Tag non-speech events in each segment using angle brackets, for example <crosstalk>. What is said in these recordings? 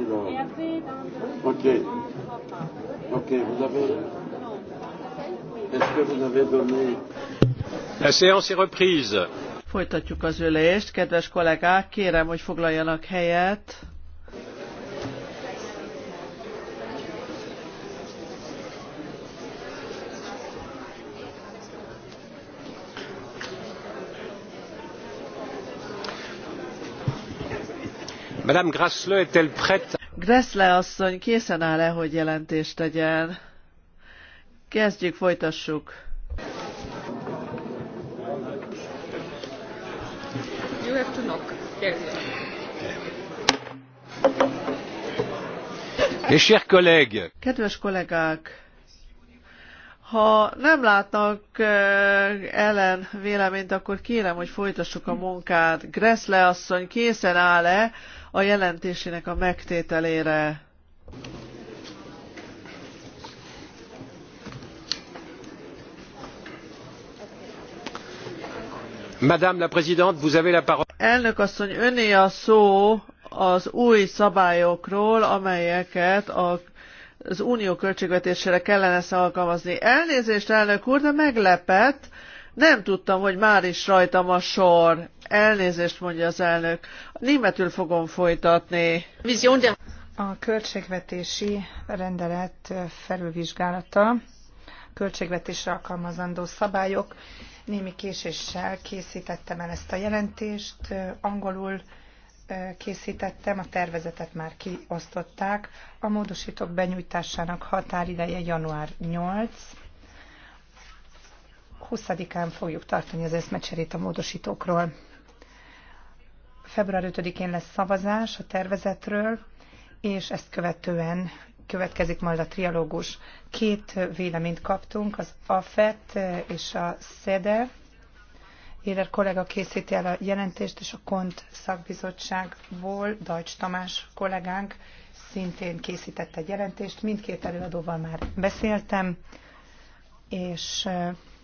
parti là. Ok. Ok, vous avez. Est-ce que vous avez donné. La séance est reprise. Folytatjuk az ülést. Kedves kollégák, kérem, hogy foglaljanak helyet. Madame Grassle asszony készen áll-e, hogy jelentést tegyen? Kezdjük, folytassuk. You have to knock. Yes. Mes chers collègues. Kedves kollégák! Ha nem látnak eh, ellen véleményt, akkor kérem, hogy folytassuk a munkát. Gressle asszony készen áll-e, a jelentésének a megtételére. Madame la Présidente, vous avez la parole. Elnök asszony, öné a szó az új szabályokról, amelyeket a az unió költségvetésére kellene alkalmazni. Elnézést, elnök úr, de meglepett, nem tudtam, hogy már is rajtam a sor. Elnézést mondja az elnök. Németül fogom folytatni. A költségvetési rendelet felülvizsgálata, költségvetésre alkalmazandó szabályok. Némi késéssel készítettem el ezt a jelentést. Angolul készítettem, a tervezetet már kiosztották. A módosítók benyújtásának határideje január 8 20-án fogjuk tartani az eszmecserét a módosítókról. Február 5-én lesz szavazás a tervezetről, és ezt követően következik majd a trialógus. Két véleményt kaptunk, az AFET és a SZEDE. Éler kollega készíti el a jelentést, és a KONT szakbizottságból Dajcs Tamás kollégánk szintén készített egy jelentést. Mindkét előadóval már beszéltem, és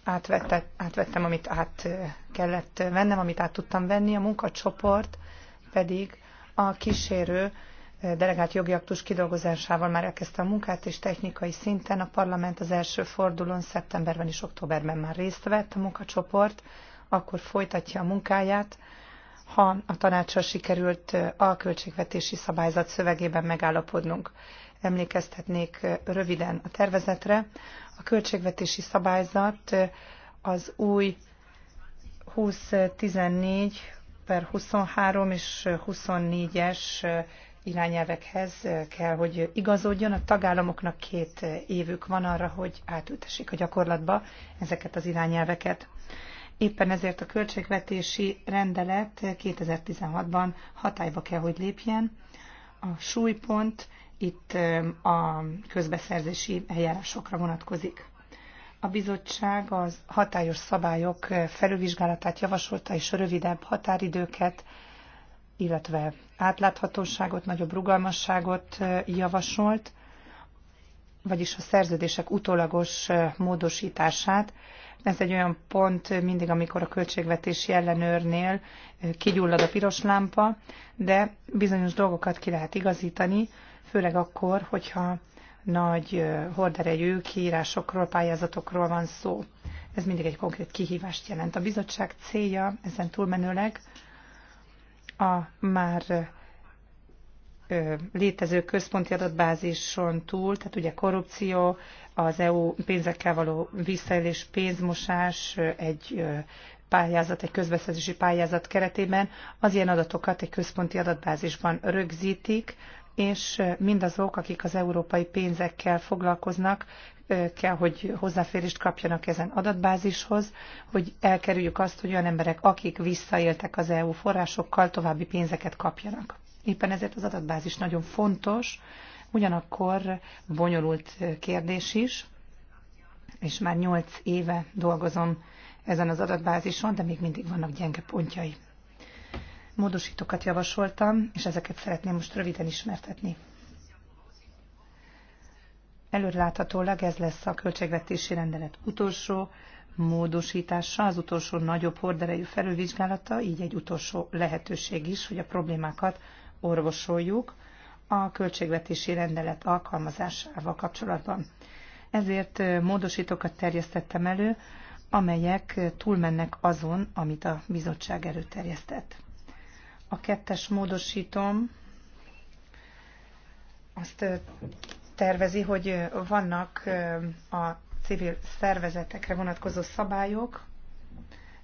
átvette, átvettem, amit át kellett vennem, amit át tudtam venni, a munkacsoport pedig a kísérő delegált jogi aktus kidolgozásával már elkezdte a munkát, és technikai szinten a parlament az első fordulón szeptemberben és októberben már részt vett a munkacsoport, akkor folytatja a munkáját, ha a tanácsra sikerült a költségvetési szabályzat szövegében megállapodnunk. Emlékeztetnék röviden a tervezetre. A költségvetési szabályzat az új 2014 per 23 és 24-es irányelvekhez kell, hogy igazodjon. A tagállamoknak két évük van arra, hogy átültessék a gyakorlatba ezeket az irányelveket. Éppen ezért a költségvetési rendelet 2016-ban hatályba kell, hogy lépjen. A súlypont itt a közbeszerzési eljárásokra vonatkozik. A bizottság az hatályos szabályok felülvizsgálatát javasolta, és a rövidebb határidőket, illetve átláthatóságot, nagyobb rugalmasságot javasolt, vagyis a szerződések utólagos módosítását. Ez egy olyan pont mindig, amikor a költségvetési ellenőrnél kigyullad a piros lámpa, de bizonyos dolgokat ki lehet igazítani, főleg akkor, hogyha nagy horderejű kiírásokról, pályázatokról van szó. Ez mindig egy konkrét kihívást jelent. A bizottság célja ezen túlmenőleg a már létező központi adatbázison túl, tehát ugye korrupció, az EU pénzekkel való visszaélés, pénzmosás, egy pályázat, egy közbeszerzési pályázat keretében az ilyen adatokat egy központi adatbázisban rögzítik, és mindazok, akik az európai pénzekkel foglalkoznak, kell, hogy hozzáférést kapjanak ezen adatbázishoz, hogy elkerüljük azt, hogy olyan emberek, akik visszaéltek az EU forrásokkal, további pénzeket kapjanak. Éppen ezért az adatbázis nagyon fontos, ugyanakkor bonyolult kérdés is, és már nyolc éve dolgozom ezen az adatbázison, de még mindig vannak gyenge pontjai módosítókat javasoltam, és ezeket szeretném most röviden ismertetni. Előrláthatólag ez lesz a költségvetési rendelet utolsó módosítása, az utolsó nagyobb horderejű felülvizsgálata, így egy utolsó lehetőség is, hogy a problémákat orvosoljuk a költségvetési rendelet alkalmazásával kapcsolatban. Ezért módosítókat terjesztettem elő, amelyek túlmennek azon, amit a bizottság előterjesztett. A kettes módosítom azt tervezi, hogy vannak a civil szervezetekre vonatkozó szabályok,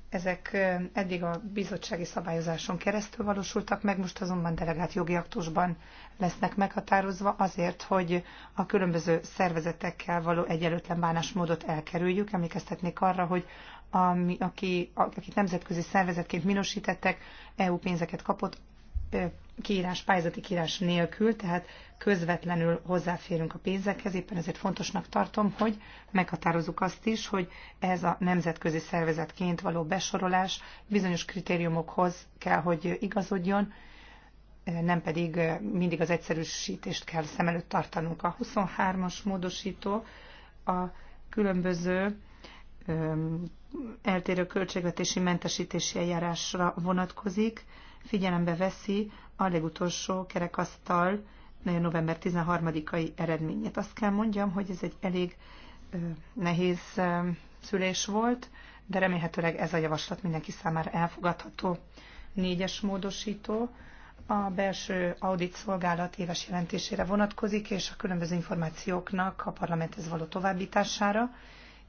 ezek eddig a bizottsági szabályozáson keresztül valósultak meg, most azonban delegált jogi aktusban lesznek meghatározva azért, hogy a különböző szervezetekkel való egyenlőtlen bánásmódot elkerüljük. Emlékeztetnék arra, hogy ami, aki, akit nemzetközi szervezetként minősítettek, EU pénzeket kapott kiírás, pályázati kiírás nélkül, tehát közvetlenül hozzáférünk a pénzekhez, éppen ezért fontosnak tartom, hogy meghatározunk azt is, hogy ez a nemzetközi szervezetként való besorolás bizonyos kritériumokhoz kell, hogy igazodjon, nem pedig mindig az egyszerűsítést kell szem előtt tartanunk. A 23-as módosító a különböző eltérő költségvetési mentesítési eljárásra vonatkozik, figyelembe veszi a legutolsó kerekasztal november 13-ai eredményét. Azt kell mondjam, hogy ez egy elég nehéz szülés volt, de remélhetőleg ez a javaslat mindenki számára elfogadható. Négyes módosító a belső audit szolgálat éves jelentésére vonatkozik, és a különböző információknak a parlamenthez való továbbítására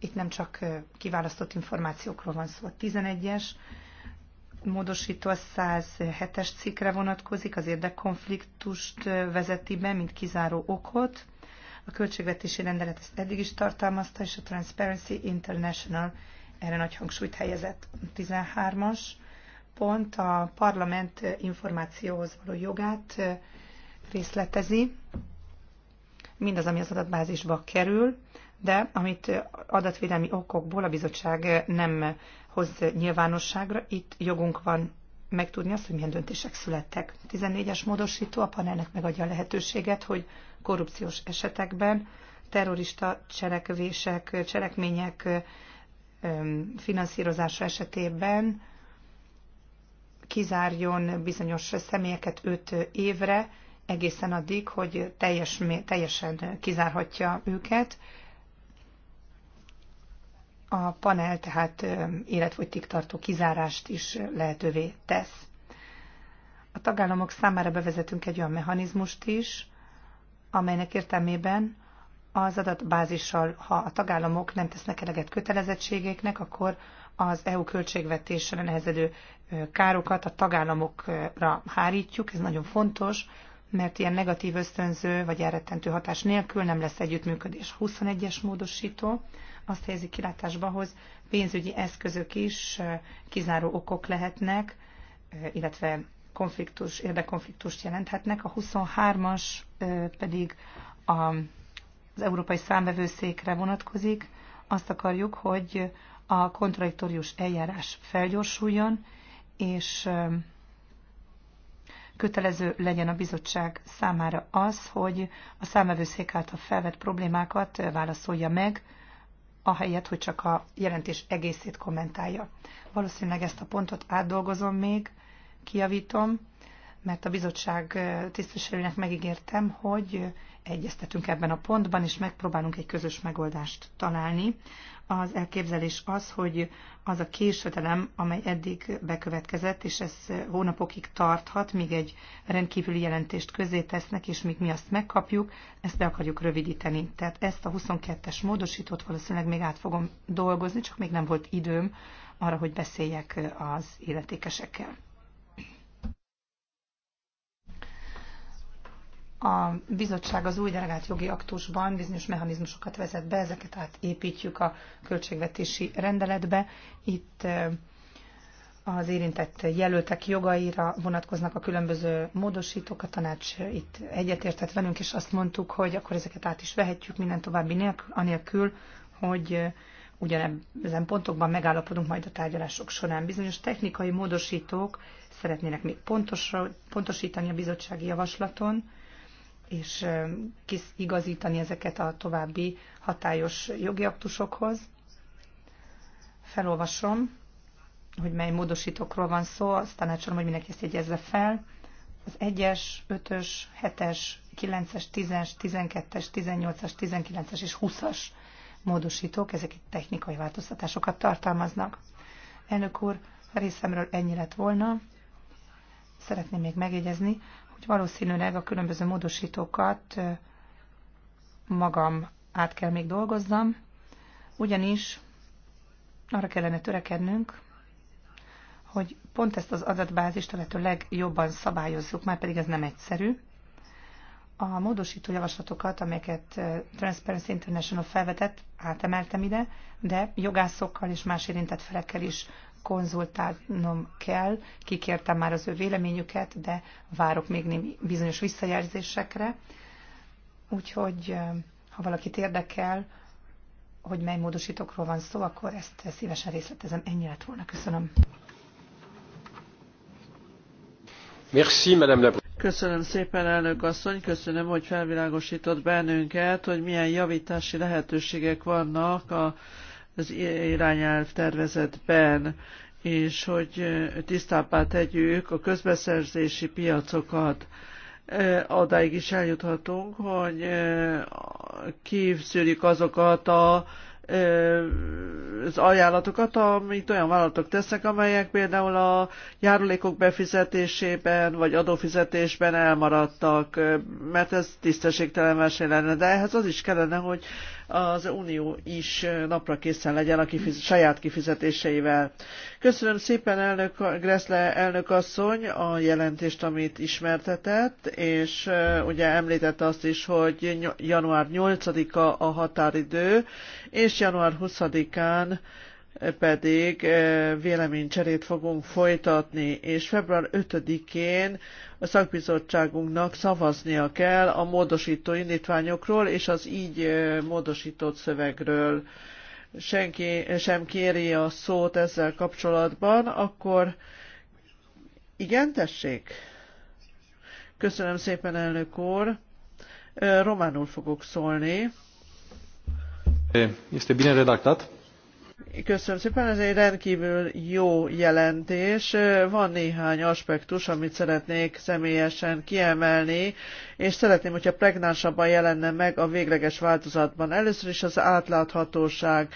itt nem csak kiválasztott információkról van szó. A 11-es módosító a 107-es cikkre vonatkozik, az érdekkonfliktust vezeti be, mint kizáró okot. A költségvetési rendelet ezt eddig is tartalmazta, és a Transparency International erre nagy hangsúlyt helyezett. A 13-as pont a parlament információhoz való jogát részletezi, mindaz, ami az adatbázisba kerül, de amit adatvédelmi okokból a bizottság nem hoz nyilvánosságra, itt jogunk van megtudni azt, hogy milyen döntések születtek. 14-es módosító a panelnek megadja a lehetőséget, hogy korrupciós esetekben terrorista cselekvések, cselekmények finanszírozása esetében kizárjon bizonyos személyeket 5 évre, egészen addig, hogy teljes, teljesen kizárhatja őket, a panel tehát életfogytig tartó kizárást is lehetővé tesz. A tagállamok számára bevezetünk egy olyan mechanizmust is, amelynek értelmében az adatbázissal, ha a tagállamok nem tesznek eleget kötelezettségeknek, akkor az EU költségvetésre nehezedő károkat a tagállamokra hárítjuk. Ez nagyon fontos, mert ilyen negatív ösztönző vagy elrettentő hatás nélkül nem lesz együttműködés. 21-es módosító azt helyezi kilátásba, hogy pénzügyi eszközök is kizáró okok lehetnek, illetve konfliktus, érdekkonfliktust jelenthetnek. A 23-as pedig a, az Európai Számvevőszékre vonatkozik. Azt akarjuk, hogy a kontradiktorius eljárás felgyorsuljon, és kötelező legyen a bizottság számára az, hogy a számvevőszék által felvett problémákat válaszolja meg, ahelyett, hogy csak a jelentés egészét kommentálja. Valószínűleg ezt a pontot átdolgozom még, kiavítom, mert a bizottság tisztviselőnek megígértem, hogy egyeztetünk ebben a pontban, és megpróbálunk egy közös megoldást találni. Az elképzelés az, hogy az a késedelem, amely eddig bekövetkezett, és ez hónapokig tarthat, míg egy rendkívüli jelentést közé tesznek, és míg mi azt megkapjuk, ezt be akarjuk rövidíteni. Tehát ezt a 22-es módosítót valószínűleg még át fogom dolgozni, csak még nem volt időm arra, hogy beszéljek az életékesekkel. a bizottság az új delegált jogi aktusban bizonyos mechanizmusokat vezet be, ezeket átépítjük a költségvetési rendeletbe. Itt az érintett jelöltek jogaira vonatkoznak a különböző módosítók, a tanács itt egyetértett velünk, és azt mondtuk, hogy akkor ezeket át is vehetjük minden további nélkül, anélkül, hogy ugyanezen pontokban megállapodunk majd a tárgyalások során. Bizonyos technikai módosítók szeretnének még pontosítani a bizottsági javaslaton, és igazítani ezeket a további hatályos jogi aktusokhoz. Felolvasom, hogy mely módosítókról van szó, aztán elcsolom, hogy mindenki ezt jegyezze fel. Az 1-es, 5-ös, 7-es, 9-es, 10-es, 12-es, 18-as, 19-es és 20-as módosítók, ezek itt technikai változtatásokat tartalmaznak. Elnök úr, részemről ennyi lett volna. Szeretném még megjegyezni, hogy valószínűleg a különböző módosítókat magam át kell még dolgoznom, ugyanis arra kellene törekednünk, hogy pont ezt az adatbázist a lehető legjobban szabályozzuk, már pedig ez nem egyszerű. A módosító javaslatokat, amelyeket Transparency International felvetett, átemeltem ide, de jogászokkal és más érintett felekkel is konzultálnom kell, kikértem már az ő véleményüket, de várok még némi bizonyos visszajelzésekre. Úgyhogy, ha valakit érdekel, hogy mely módosítókról van szó, akkor ezt szívesen részletezem. Ennyi lett volna. Köszönöm. Merci, Madame la Köszönöm szépen, elnök asszony, köszönöm, hogy felvilágosított bennünket, hogy milyen javítási lehetőségek vannak a az irányelv tervezetben, és hogy tisztábbá tegyük a közbeszerzési piacokat. Odáig is eljuthatunk, hogy kívszűrjük azokat a az ajánlatokat, amit olyan vállalatok tesznek, amelyek például a járulékok befizetésében vagy adófizetésben elmaradtak, mert ez tisztességtelen verseny lenne. De ehhez az is kellene, hogy az Unió is napra készen legyen a kifiz- saját kifizetéseivel. Köszönöm szépen elnök Greszle elnök asszony a jelentést, amit ismertetett, és ugye említette azt is, hogy január 8-a a határidő, és január 20-án pedig eh, véleménycserét fogunk folytatni, és február 5-én a szakbizottságunknak szavaznia kell a módosító indítványokról és az így eh, módosított szövegről. Senki sem kéri a szót ezzel kapcsolatban, akkor igen, tessék. Köszönöm szépen, elnök úr. Eh, románul fogok szólni. Este bine redactat Köszönöm szépen, ez egy rendkívül jó jelentés. Van néhány aspektus, amit szeretnék személyesen kiemelni, és szeretném, hogyha pregnánsabban jelenne meg a végleges változatban. Először is az átláthatóság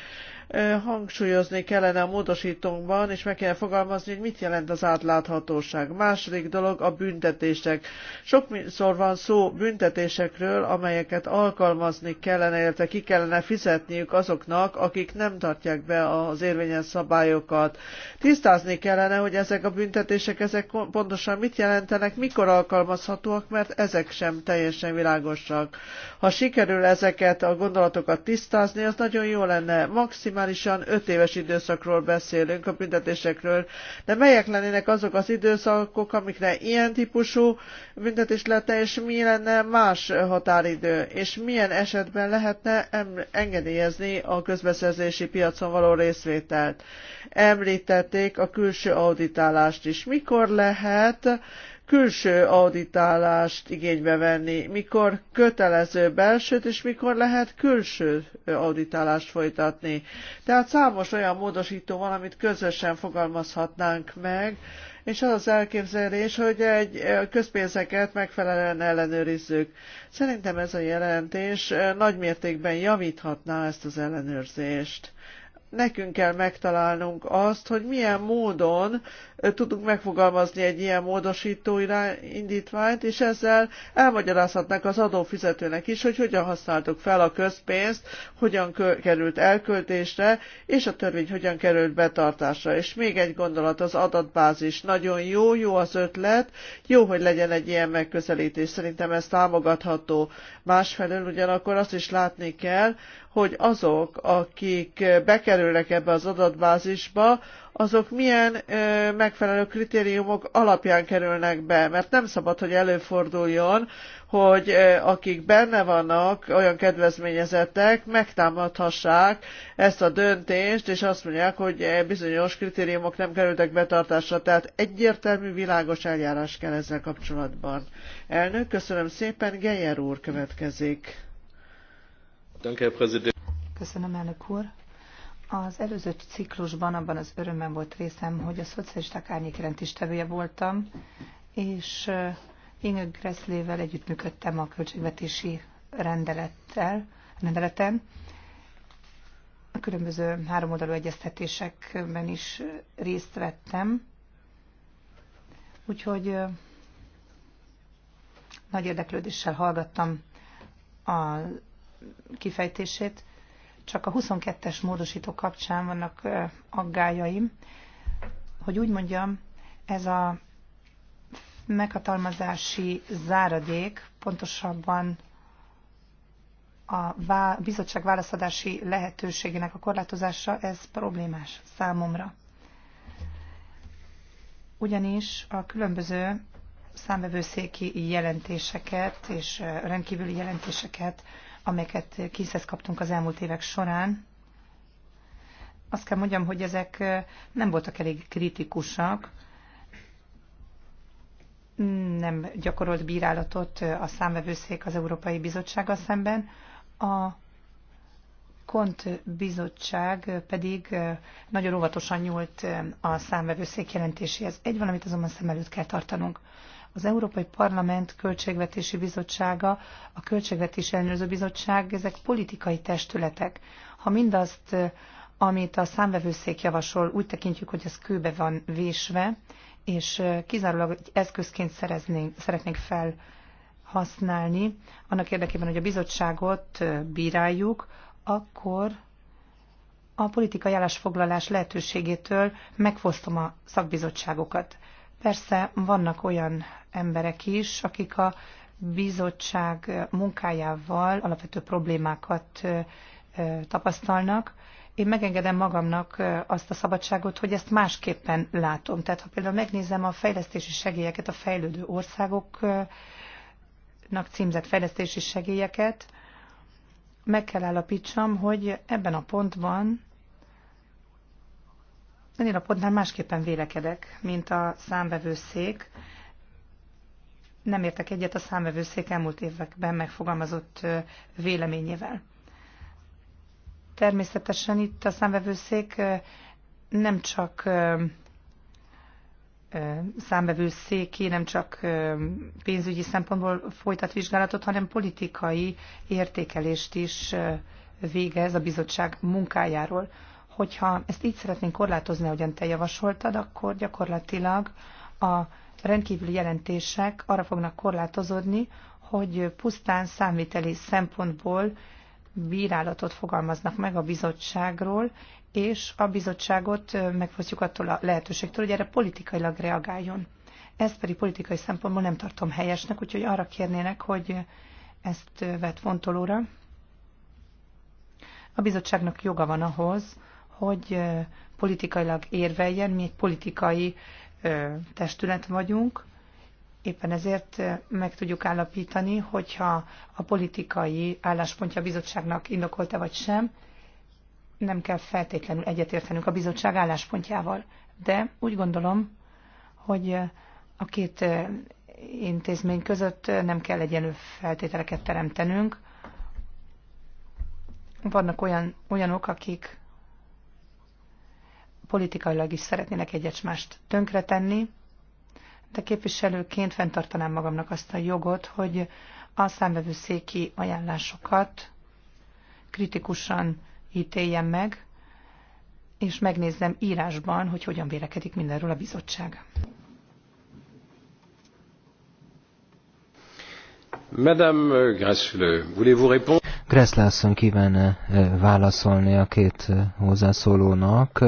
hangsúlyozni kellene a módosítónkban, és meg kell fogalmazni, hogy mit jelent az átláthatóság. Második dolog a büntetések. Sokszor van szó büntetésekről, amelyeket alkalmazni kellene, illetve ki kellene fizetniük azoknak, akik nem tartják be az érvényes szabályokat. Tisztázni kellene, hogy ezek a büntetések ezek pontosan mit jelentenek, mikor alkalmazhatóak, mert ezek sem teljesen világosak. Ha sikerül ezeket a gondolatokat tisztázni, az nagyon jó lenne. Maximum maximálisan 5 éves időszakról beszélünk, a büntetésekről, de melyek lennének azok az időszakok, amikre ilyen típusú büntetés lehetne, és mi lenne más határidő, és milyen esetben lehetne engedélyezni a közbeszerzési piacon való részvételt. Említették a külső auditálást is. Mikor lehet külső auditálást igénybe venni, mikor kötelező belsőt, és mikor lehet külső auditálást folytatni. Tehát számos olyan módosító van, amit közösen fogalmazhatnánk meg, és az az elképzelés, hogy egy közpénzeket megfelelően ellenőrizzük. Szerintem ez a jelentés nagymértékben javíthatná ezt az ellenőrzést nekünk kell megtalálnunk azt, hogy milyen módon tudunk megfogalmazni egy ilyen módosító indítványt, és ezzel elmagyarázhatnak az adófizetőnek is, hogy hogyan használtuk fel a közpénzt, hogyan került elköltésre, és a törvény hogyan került betartásra. És még egy gondolat, az adatbázis nagyon jó, jó az ötlet, jó, hogy legyen egy ilyen megközelítés, szerintem ez támogatható. Másfelől ugyanakkor azt is látni kell, hogy azok, akik bekerülnek ebbe az adatbázisba, azok milyen ö, megfelelő kritériumok alapján kerülnek be, mert nem szabad, hogy előforduljon, hogy ö, akik benne vannak, olyan kedvezményezettek, megtámadhassák ezt a döntést, és azt mondják, hogy eh, bizonyos kritériumok nem kerültek betartásra, tehát egyértelmű, világos eljárás kell ezzel kapcsolatban. Elnök, köszönöm szépen, Geyer úr következik. Köszönöm, elnök úr. Az előző ciklusban abban az örömben volt részem, hogy a szocialisták árnyékjelentéstevője voltam, és uh, Inge Gresslével együttműködtem a költségvetési rendelettel, rendeleten. A különböző háromoldalú egyeztetésekben is részt vettem. Úgyhogy uh, nagy érdeklődéssel hallgattam a kifejtését. Csak a 22-es módosító kapcsán vannak aggájaim, hogy úgy mondjam, ez a meghatalmazási záradék, pontosabban a bizottság válaszadási lehetőségének a korlátozása, ez problémás számomra. Ugyanis a különböző számvevőszéki jelentéseket és rendkívüli jelentéseket amelyeket készhez kaptunk az elmúlt évek során, azt kell mondjam, hogy ezek nem voltak elég kritikusak, nem gyakorolt bírálatot a számvevőszék az Európai Bizottsággal szemben, a Kont bizottság pedig nagyon óvatosan nyúlt a számvevőszék jelentéséhez. Egy valamit azonban szem előtt kell tartanunk. Az Európai Parlament Költségvetési Bizottsága, a Költségvetési Ellenőrző Bizottság, ezek politikai testületek. Ha mindazt, amit a számvevőszék javasol, úgy tekintjük, hogy ez kőbe van vésve, és kizárólag egy eszközként szereznénk, szeretnénk fel használni, annak érdekében, hogy a bizottságot bíráljuk, akkor a politikai állásfoglalás lehetőségétől megfosztom a szakbizottságokat. Persze vannak olyan emberek is, akik a bizottság munkájával alapvető problémákat tapasztalnak. Én megengedem magamnak azt a szabadságot, hogy ezt másképpen látom. Tehát ha például megnézem a fejlesztési segélyeket, a fejlődő országoknak címzett fejlesztési segélyeket, meg kell állapítsam, hogy ebben a pontban ennél a pontnál másképpen vélekedek, mint a számvevőszék. Nem értek egyet a számvevőszék elmúlt években megfogalmazott véleményével. Természetesen itt a számvevőszék nem csak számbevőszéki nem csak pénzügyi szempontból folytat vizsgálatot, hanem politikai értékelést is végez a bizottság munkájáról hogyha ezt így szeretnénk korlátozni, ahogyan te javasoltad, akkor gyakorlatilag a rendkívüli jelentések arra fognak korlátozódni, hogy pusztán számviteli szempontból bírálatot fogalmaznak meg a bizottságról, és a bizottságot megfosztjuk attól a lehetőségtől, hogy erre politikailag reagáljon. Ezt pedig politikai szempontból nem tartom helyesnek, úgyhogy arra kérnének, hogy ezt vett fontolóra. A bizottságnak joga van ahhoz, hogy politikailag érveljen, mi egy politikai testület vagyunk, éppen ezért meg tudjuk állapítani, hogyha a politikai álláspontja a bizottságnak indokolta vagy sem, nem kell feltétlenül egyetértenünk a bizottság álláspontjával. De úgy gondolom, hogy a két intézmény között nem kell egyenlő feltételeket teremtenünk. Vannak olyan, olyanok, akik politikailag is szeretnének egyet tönkretenni, de képviselőként fenntartanám magamnak azt a jogot, hogy a széki ajánlásokat kritikusan ítéljem meg, és megnézzem írásban, hogy hogyan vélekedik mindenről a bizottság. Madame Grasslő, voulez-vous répondre? asszony kíván eh, válaszolni a két eh, hozzászólónak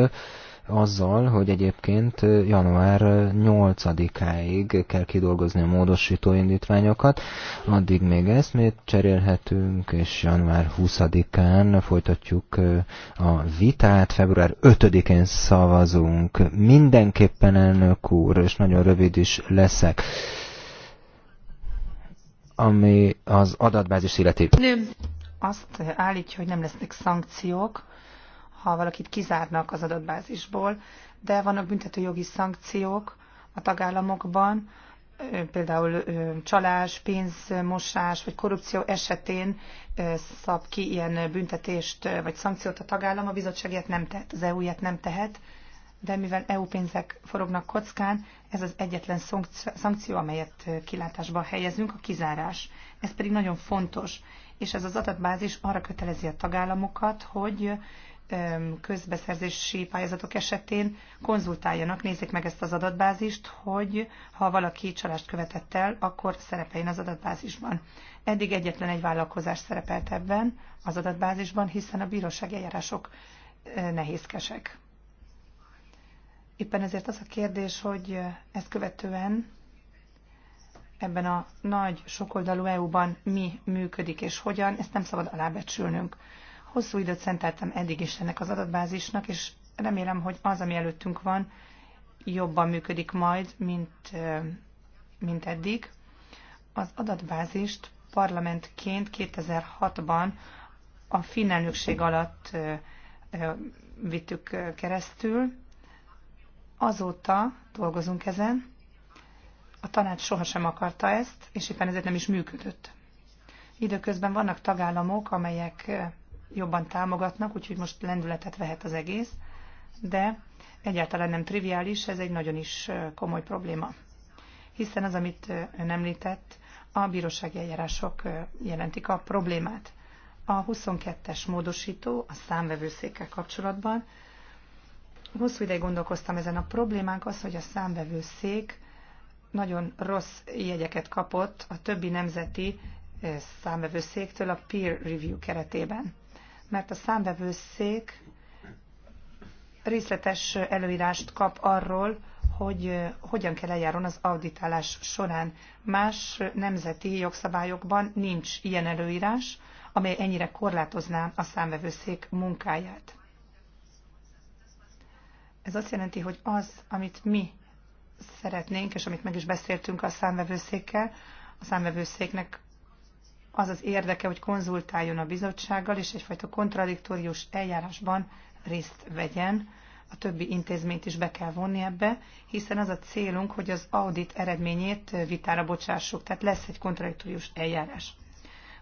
azzal, hogy egyébként január 8-áig kell kidolgozni a módosító indítványokat, addig még eszmét cserélhetünk, és január 20-án folytatjuk a vitát, február 5-én szavazunk. Mindenképpen elnök úr, és nagyon rövid is leszek ami az adatbázis illeti. Nem. Azt állítja, hogy nem lesznek szankciók, ha valakit kizárnak az adatbázisból, de vannak jogi szankciók a tagállamokban, például csalás, pénzmosás vagy korrupció esetén szab ki ilyen büntetést vagy szankciót a tagállam, a bizottság ilyet nem tehet, az EU nem tehet, de mivel EU pénzek forognak kockán, ez az egyetlen szankció, amelyet kilátásba helyezünk, a kizárás. Ez pedig nagyon fontos, és ez az adatbázis arra kötelezi a tagállamokat, hogy közbeszerzési pályázatok esetén konzultáljanak, nézzék meg ezt az adatbázist, hogy ha valaki csalást követett el, akkor szerepeljen az adatbázisban. Eddig egyetlen egy vállalkozás szerepelt ebben az adatbázisban, hiszen a bírósági eljárások e, nehézkesek. Éppen ezért az a kérdés, hogy ezt követően ebben a nagy sokoldalú EU-ban mi működik és hogyan, ezt nem szabad alábecsülnünk. Hosszú időt szenteltem eddig is ennek az adatbázisnak, és remélem, hogy az, ami előttünk van, jobban működik majd, mint, mint eddig. Az adatbázist parlamentként 2006-ban a finn elnökség alatt vittük keresztül. Azóta dolgozunk ezen. A tanács sohasem akarta ezt, és éppen ezért nem is működött. Időközben vannak tagállamok, amelyek jobban támogatnak, úgyhogy most lendületet vehet az egész, de egyáltalán nem triviális, ez egy nagyon is komoly probléma. Hiszen az, amit ön említett, a bírósági eljárások jelentik a problémát. A 22-es módosító a számvevőszékkel kapcsolatban. Hosszú ideig gondolkoztam ezen a problémánk az, hogy a számvevőszék nagyon rossz jegyeket kapott a többi nemzeti számvevőszéktől a peer review keretében mert a számvevőszék részletes előírást kap arról, hogy hogyan kell eljáron az auditálás során. Más nemzeti jogszabályokban nincs ilyen előírás, amely ennyire korlátozná a számvevőszék munkáját. Ez azt jelenti, hogy az, amit mi szeretnénk, és amit meg is beszéltünk a számvevőszékkel, a számvevőszéknek az az érdeke, hogy konzultáljon a bizottsággal, és egyfajta kontradiktórius eljárásban részt vegyen. A többi intézményt is be kell vonni ebbe, hiszen az a célunk, hogy az audit eredményét vitára bocsássuk, tehát lesz egy kontradiktórius eljárás.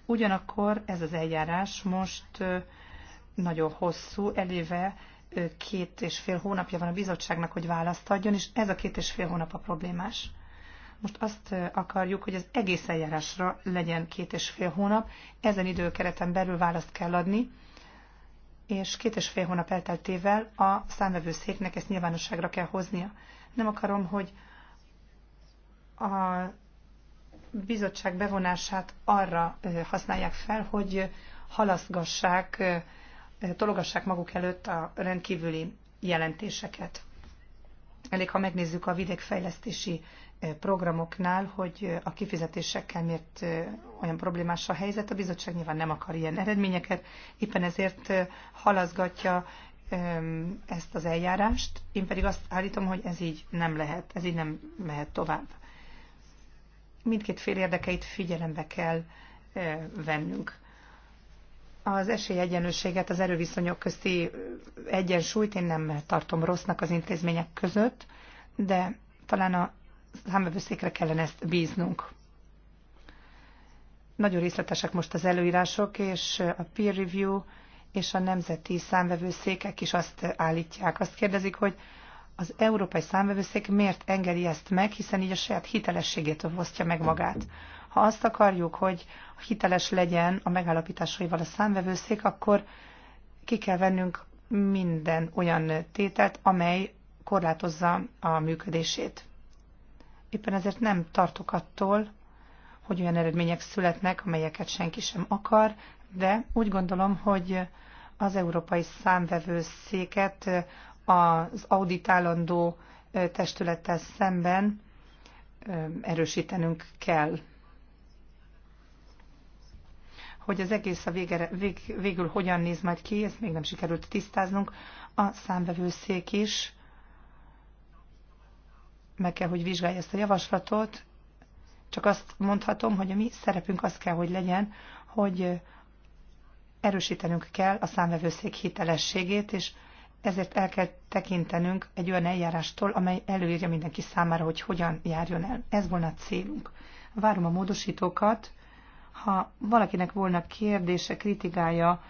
Ugyanakkor ez az eljárás most nagyon hosszú, eléve két és fél hónapja van a bizottságnak, hogy választ adjon, és ez a két és fél hónap a problémás. Most azt akarjuk, hogy az egész eljárásra legyen két és fél hónap, ezen időkereten belül választ kell adni, és két és fél hónap elteltével a számvevőszéknek ezt nyilvánosságra kell hoznia. Nem akarom, hogy a bizottság bevonását arra használják fel, hogy halaszgassák, tologassák maguk előtt a rendkívüli jelentéseket. Elég, ha megnézzük a vidékfejlesztési programoknál, hogy a kifizetésekkel miért olyan problémás a helyzet, a bizottság nyilván nem akar ilyen eredményeket, éppen ezért halazgatja ezt az eljárást. Én pedig azt állítom, hogy ez így nem lehet, ez így nem mehet tovább. Mindkét fél érdekeit figyelembe kell vennünk. Az esélyegyenlőséget, az erőviszonyok közti egyensúlyt én nem tartom rossznak az intézmények között, de talán a számövőszékre kellene ezt bíznunk. Nagyon részletesek most az előírások, és a peer review és a nemzeti számvevőszékek is azt állítják, azt kérdezik, hogy az európai számvevőszék miért engedi ezt meg, hiszen így a saját hitelességétől hoztja meg magát. Ha azt akarjuk, hogy hiteles legyen a megállapításaival a számvevőszék, akkor ki kell vennünk minden olyan tételt, amely korlátozza a működését. Éppen ezért nem tartok attól, hogy olyan eredmények születnek, amelyeket senki sem akar, de úgy gondolom, hogy az európai számvevőszéket az auditálandó testülettel szemben erősítenünk kell hogy az egész a végere, vég, végül hogyan néz majd ki, ezt még nem sikerült tisztáznunk. A számvevőszék is meg kell, hogy vizsgálja ezt a javaslatot. Csak azt mondhatom, hogy a mi szerepünk az kell, hogy legyen, hogy erősítenünk kell a számvevőszék hitelességét, és ezért el kell tekintenünk egy olyan eljárástól, amely előírja mindenki számára, hogy hogyan járjon el. Ez volna a célunk. Várom a módosítókat, ha valakinek volna kérdése, kritikája,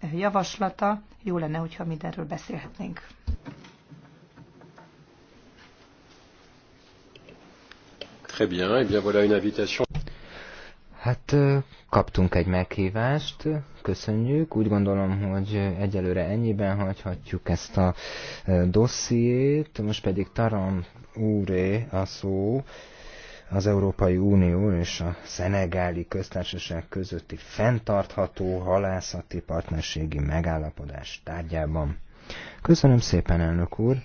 eh, javaslata, jó lenne, hogyha mindenről beszélhetnénk. Très bien, et eh bien voilà une invitation. Hát eh, kaptunk egy meghívást, köszönjük. Úgy gondolom, hogy egyelőre ennyiben hagyhatjuk ezt a dossziét. Most pedig Taram úré a szó, az Európai Unió és a Szenegáli Köztársaság közötti fenntartható halászati partnerségi megállapodás tárgyában. Köszönöm szépen, elnök úr!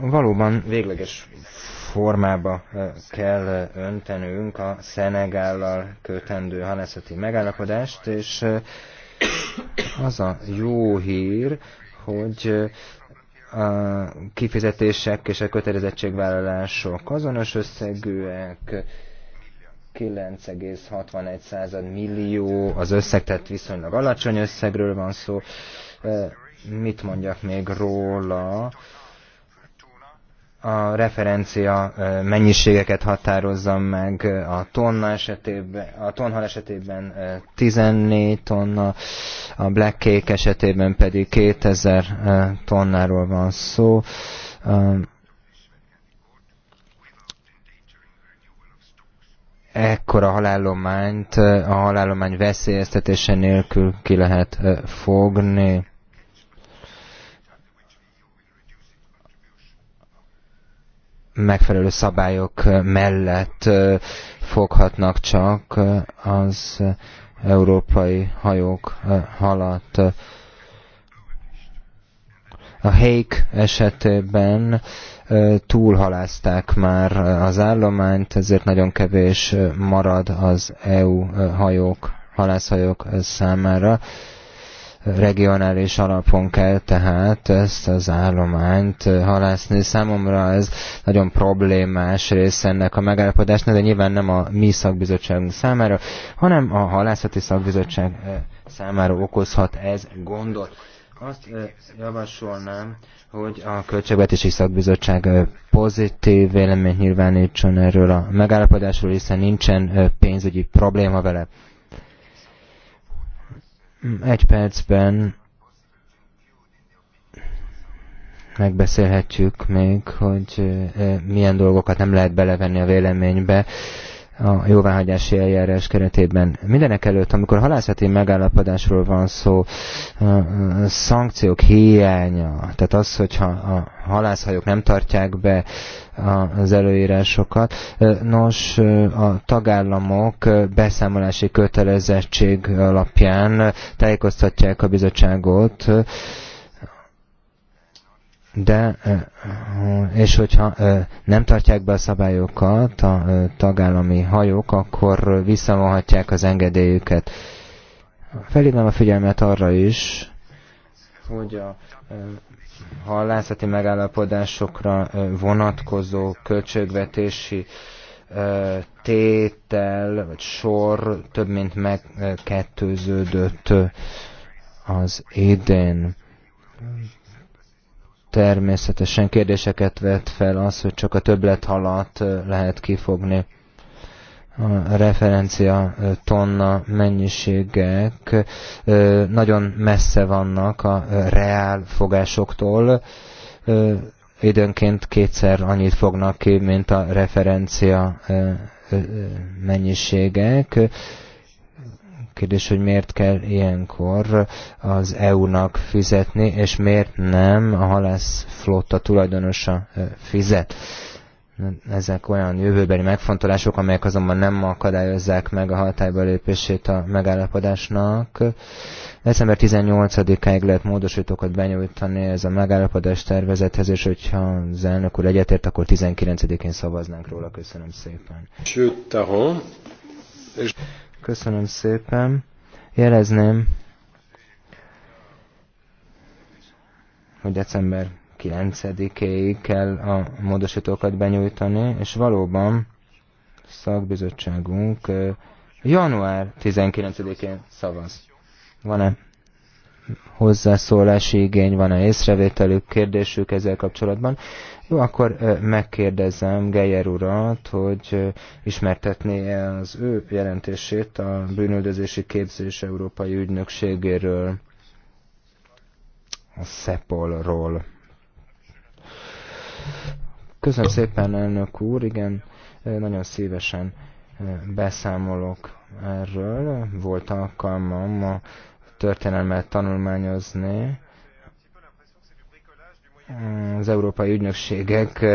Valóban végleges formába eh, kell eh, öntenünk a Szenegállal kötendő halászati megállapodást, és eh, az a jó hír, hogy a kifizetések és a kötelezettségvállalások azonos összegűek, 9,61 millió az összeg, tehát viszonylag alacsony összegről van szó. Mit mondjak még róla? a referencia mennyiségeket határozzam meg a tonna esetében, a tonhal esetében 14 tonna, a black cake esetében pedig 2000 tonnáról van szó. Ekkora halállományt a halállomány veszélyeztetése nélkül ki lehet fogni megfelelő szabályok mellett foghatnak csak az európai hajók halat. A Hake esetében túlhalázták már az állományt, ezért nagyon kevés marad az EU hajók, halászhajók számára regionális alapon kell tehát ezt az állományt eh, halászni. Számomra ez nagyon problémás része ennek a megállapodásnak, de nyilván nem a mi szakbizottságunk számára, hanem a halászati szakbizottság eh, számára okozhat ez gondot. Azt eh, javasolnám, hogy a Költségvetési Szakbizottság pozitív véleményt nyilvánítson erről a megállapodásról, hiszen nincsen pénzügyi probléma vele. Egy percben megbeszélhetjük még, hogy eh, milyen dolgokat nem lehet belevenni a véleménybe a jóváhagyási eljárás keretében. Mindenek előtt, amikor halászati megállapodásról van szó, a szankciók hiánya, tehát az, hogyha a halászhajók nem tartják be az előírásokat, nos, a tagállamok beszámolási kötelezettség alapján tájékoztatják a bizottságot, de eh, és hogyha eh, nem tartják be a szabályokat a eh, tagállami hajók, akkor visszavonhatják az engedélyüket. Felhívnám a figyelmet arra is, hogy a hallászati megállapodásokra vonatkozó költségvetési tétel vagy sor több mint megkettőződött az idén természetesen kérdéseket vet fel az, hogy csak a többlet halat lehet kifogni. A referencia tonna mennyiségek nagyon messze vannak a reál fogásoktól. Időnként kétszer annyit fognak ki, mint a referencia mennyiségek kérdés, hogy miért kell ilyenkor az EU-nak fizetni, és miért nem a flotta tulajdonosa fizet. Ezek olyan jövőbeli megfontolások, amelyek azonban nem akadályozzák meg a hatályba lépését a megállapodásnak. December 18-áig lehet módosítókat benyújtani ez a megállapodás tervezethez, és hogyha az elnök úr egyetért, akkor 19-én szavaznánk róla. Köszönöm szépen. Sőt, Köszönöm szépen. Jelezném, hogy december 9-éig kell a módosítókat benyújtani, és valóban szakbizottságunk január 19-én szavaz. Van-e hozzászólási igény, van-e észrevételük, kérdésük ezzel kapcsolatban. Jó, akkor megkérdezem Geyer urat, hogy ismertetné -e az ő jelentését a bűnöldözési képzés Európai Ügynökségéről, a SEPOL-ról. Köszönöm szépen, elnök úr, igen, nagyon szívesen beszámolok erről. Volt alkalmam a történelmet tanulmányozni. Az európai ügynökségek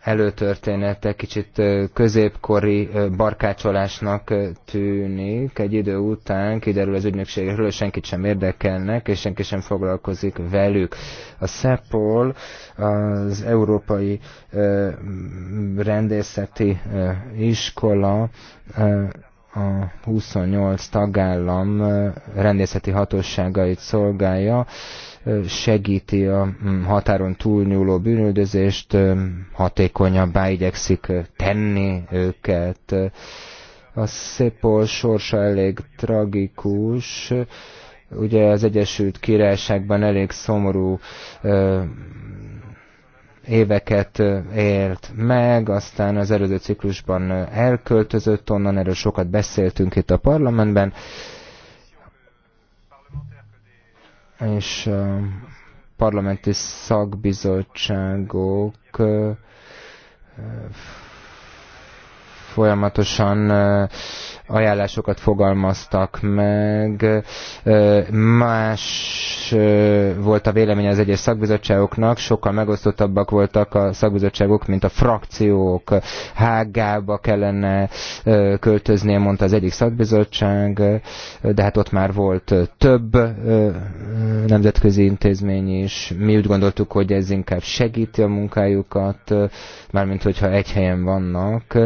előtörténete kicsit középkori barkácsolásnak tűnik. Egy idő után kiderül az ügynökségekről, senkit sem érdekelnek, és senki sem foglalkozik velük. A SEPOL az Európai Rendészeti Iskola a 28 tagállam rendészeti hatóságait szolgálja, segíti a határon túlnyúló bűnöldözést, hatékonyabbá igyekszik tenni őket. A Szépol sorsa elég tragikus, ugye az Egyesült Királyságban elég szomorú éveket élt meg, aztán az előző ciklusban elköltözött onnan, erről sokat beszéltünk itt a parlamentben, és parlamenti szakbizottságok folyamatosan ajánlásokat fogalmaztak meg, más volt a véleménye az egyes szakbizottságoknak, sokkal megosztottabbak voltak a szakbizottságok, mint a frakciók. Hágába kellene költöznie, mondta az egyik szakbizottság, de hát ott már volt több nemzetközi intézmény is. Mi úgy gondoltuk, hogy ez inkább segíti a munkájukat, mármint hogyha egy helyen vannak,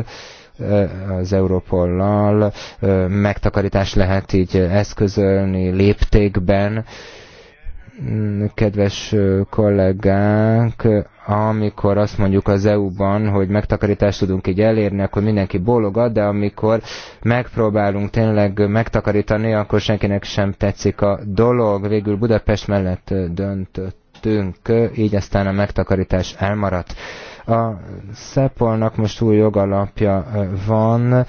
Eh, az Európollal, eh, megtakarítást lehet így eszközölni léptékben. Mm, kedves eh, kollégánk, amikor azt mondjuk az EU-ban, hogy megtakarítást tudunk így elérni, akkor mindenki bólogat, de amikor megpróbálunk tényleg megtakarítani, akkor senkinek sem tetszik a dolog. Végül Budapest mellett döntöttünk, így aztán a megtakarítás elmaradt. A Szepolnak most új jogalapja van,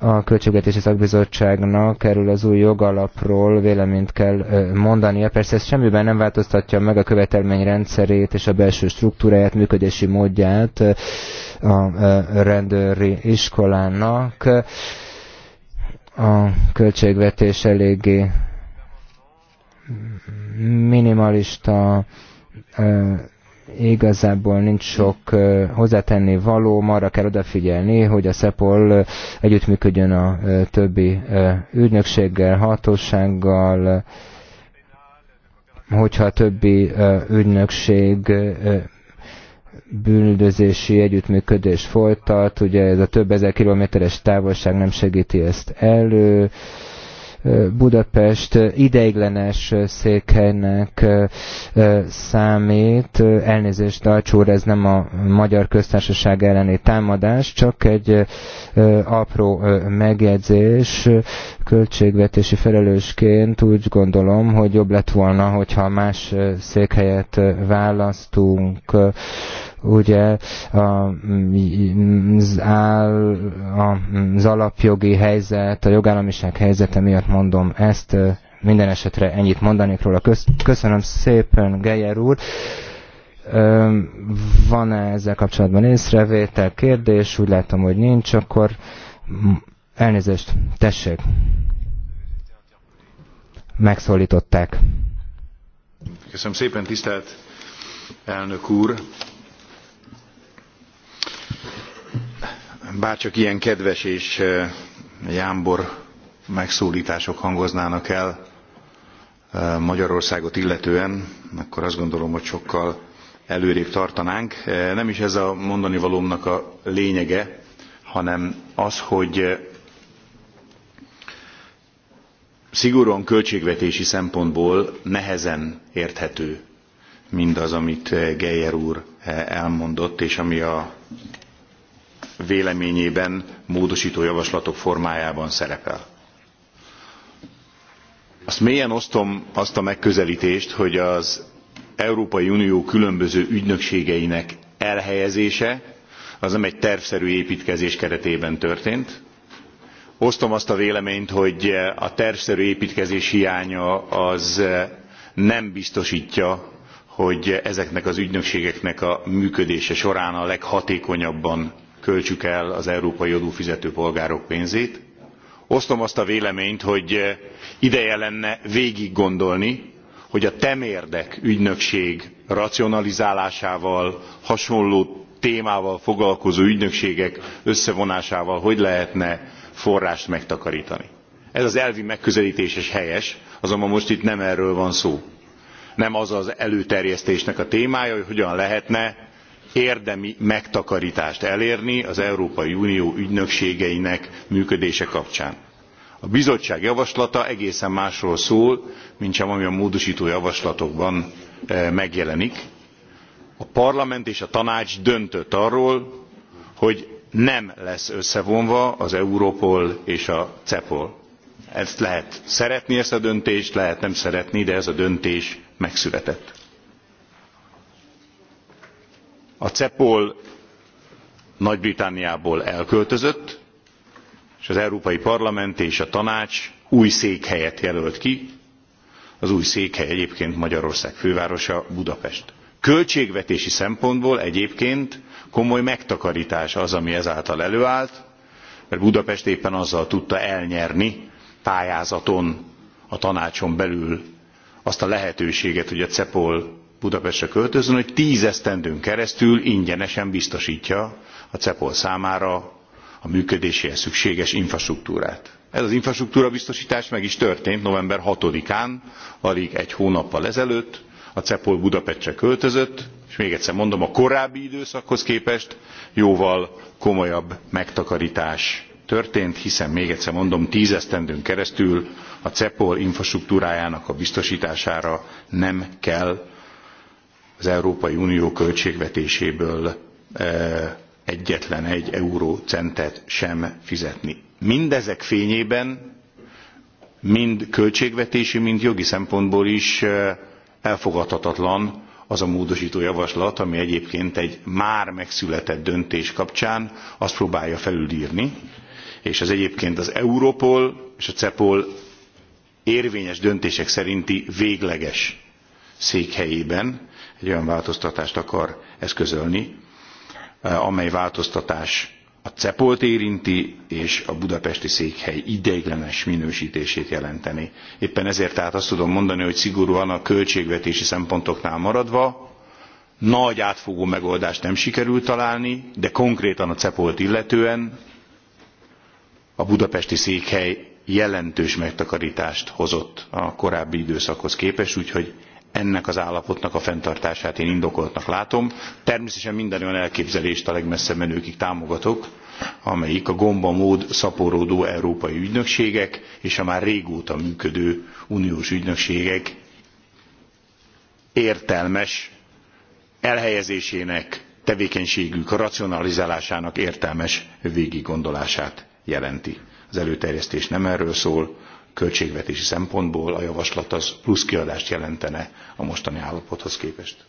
a Költségvetési Szakbizottságnak erről az új jogalapról véleményt kell mondania. Persze ez semmiben nem változtatja meg a követelményrendszerét és a belső struktúráját, működési módját a rendőri iskolának. A költségvetés eléggé minimalista igazából nincs sok hozzátenni való, arra kell odafigyelni, hogy a SZEPOL együttműködjön a többi ügynökséggel, hatósággal, hogyha a többi ügynökség bűnüldözési együttműködés folytat, ugye ez a több ezer kilométeres távolság nem segíti ezt elő, Budapest ideiglenes székhelynek számít. Elnézést, Dalcsúr, ez nem a Magyar Köztársaság elleni támadás, csak egy apró megjegyzés. Költségvetési felelősként úgy gondolom, hogy jobb lett volna, hogyha más székhelyet választunk Ugye az, áll, az alapjogi helyzet, a jogállamiság helyzete miatt mondom ezt, minden esetre ennyit mondanék róla. Köszönöm szépen, Geyer úr. Van-e ezzel kapcsolatban észrevétel, kérdés? Úgy látom, hogy nincs, akkor elnézést, tessék. Megszólították. Köszönöm szépen, tisztelt elnök úr! bárcsak ilyen kedves és jámbor megszólítások hangoznának el Magyarországot illetően, akkor azt gondolom, hogy sokkal előrébb tartanánk. Nem is ez a mondani valómnak a lényege, hanem az, hogy szigorúan költségvetési szempontból nehezen érthető mindaz, amit Geyer úr elmondott, és ami a véleményében módosító javaslatok formájában szerepel. Azt mélyen osztom azt a megközelítést, hogy az Európai Unió különböző ügynökségeinek elhelyezése az nem egy tervszerű építkezés keretében történt. Osztom azt a véleményt, hogy a tervszerű építkezés hiánya az nem biztosítja, hogy ezeknek az ügynökségeknek a működése során a leghatékonyabban költsük el az európai adófizető polgárok pénzét. Osztom azt a véleményt, hogy eh, ideje lenne végiggondolni, hogy a temérdek ügynökség racionalizálásával, hasonló témával foglalkozó ügynökségek összevonásával hogy lehetne forrást megtakarítani. Ez az elvi megközeltés is helyes, azonban most itt nem erről van szó. Nem az az előterjesztésnek a témája, hogy hogyan lehetne érdemi megtakartást elérni az európai unió ügynökségeinek működése kapcsán. a bizottság javaslata egészen másról szól mintsem ami a módostó javaslatokban eh, megjelenik. a parlament és a tanács döntött arról hogy nem lesz összevonva az europol és a cepol. ezt lehet szeretni ezt a döntést lehet nem szeretni de ez a döntés megszületett a cepol nagy britanniából elköltözött és az európai parlament és a tanács új székhelyet jelölt ki az új székhely egyébként magyarország fővárosa budapest. költségvetési szempontból egyébként komoly megtakartás az ami ezáltal előállt mert budapest éppen azzal tudta elnyerni pályázaton a tanácson belül azt a lehetőséget hogy a cepol Budapestre költözön, hogy esztendőn keresztül ingyenesen biztosítja a CEPOL számára a működéséhez szükséges infrastruktúrát. Ez az infrastruktúra biztosítás meg is történt november 6-án, alig egy hónappal ezelőtt, a CEPOL Budapestre költözött, és még egyszer mondom, a korábbi időszakhoz képest jóval komolyabb megtakarítás történt, hiszen még egyszer mondom, esztendőn keresztül a CEPOL infrastruktúrájának a biztosítására nem kell az Európai Unió költségvetéséből e, egyetlen egy eurócentet sem fizetni. Mindezek fényében mind költségvetési, mind jogi szempontból is e, elfogadhatatlan az a módosító javaslat, ami egyébként egy már megszületett döntés kapcsán azt próbálja felülírni, és az egyébként az Europol és a CEPOL érvényes döntések szerinti végleges székhelyében egy olyan változtatást akar eszközölni, eh, amely változtatás a Cepolt érinti, és a budapesti székhely ideiglenes minősítését jelenteni. Éppen ezért tehát azt tudom mondani, hogy szigorúan a költségvetési szempontoknál maradva, nagy átfogó megoldást nem sikerült találni, de konkrétan a Cepolt illetően a budapesti székhely jelentős megtakarítást hozott a korábbi időszakhoz képest, úgyhogy ennek az állapotnak a fenntartását én indokoltnak látom. Természetesen minden olyan elképzelést a legmesszebb menőkig támogatok, amelyik a gomba mód szaporodó európai ügynökségek és a már régóta működő uniós ügynökségek értelmes elhelyezésének, tevékenységük racionalizálásának értelmes végiggondolását jelenti. Az előterjesztés nem erről szól, költségvetési szempontból a javaslat az plusz kiadást jelentene a mostani állapothoz képest.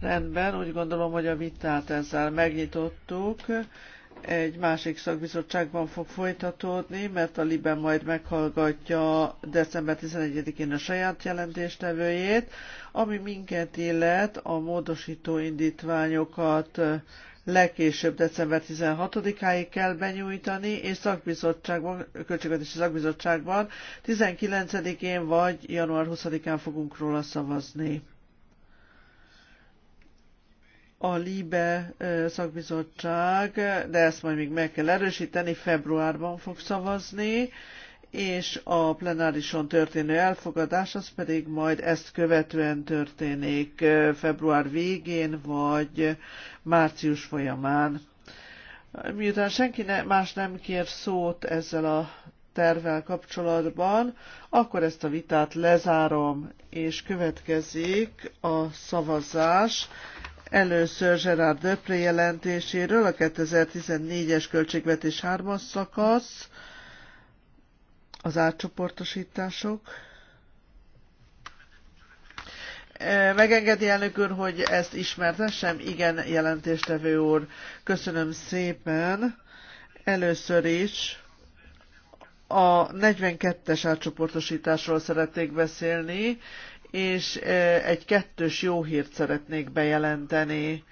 Rendben, úgy gondolom, hogy a vitát ezzel megnyitottuk. Egy másik szakbizottságban fog folytatódni, mert a Liben majd meghallgatja december 11-én a saját jelentéstevőjét, ami minket illet a módosító indítványokat legkésőbb december 16-áig kell benyújtani, és szakbizottságban, költségvetési szakbizottságban 19-én vagy január 20-án fogunk róla szavazni. A LIBE szakbizottság, de ezt majd még meg kell erősíteni, februárban fog szavazni, és a plenárison történő elfogadás az pedig majd ezt követően történik február végén vagy március folyamán. Miután senki ne, más nem kér szót ezzel a tervel kapcsolatban, akkor ezt a vitát lezárom, és következik a szavazás. Először Gerard Döpré jelentéséről a 2014-es költségvetés hármas szakasz, az átcsoportosítások. E, megengedi elnök úr, hogy ezt ismertessem? Igen, jelentéstevő úr. Köszönöm szépen. Először is a 42-es átcsoportosításról szeretnék beszélni, és e, egy kettős jó hírt szeretnék bejelenteni.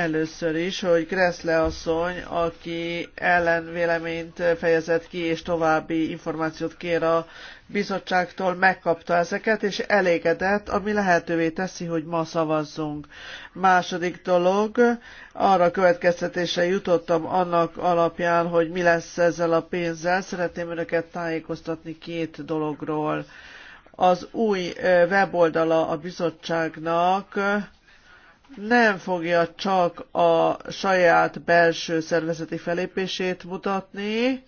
Először is, hogy Gressle asszony, aki ellenvéleményt fejezett ki, és további információt kér a bizottságtól, megkapta ezeket, és elégedett, ami lehetővé teszi, hogy ma szavazzunk. Második dolog, arra következtetése jutottam annak alapján, hogy mi lesz ezzel a pénzzel. Szeretném önöket tájékoztatni két dologról. Az új weboldala a bizottságnak, nem fogja csak a saját belső szervezeti felépését mutatni,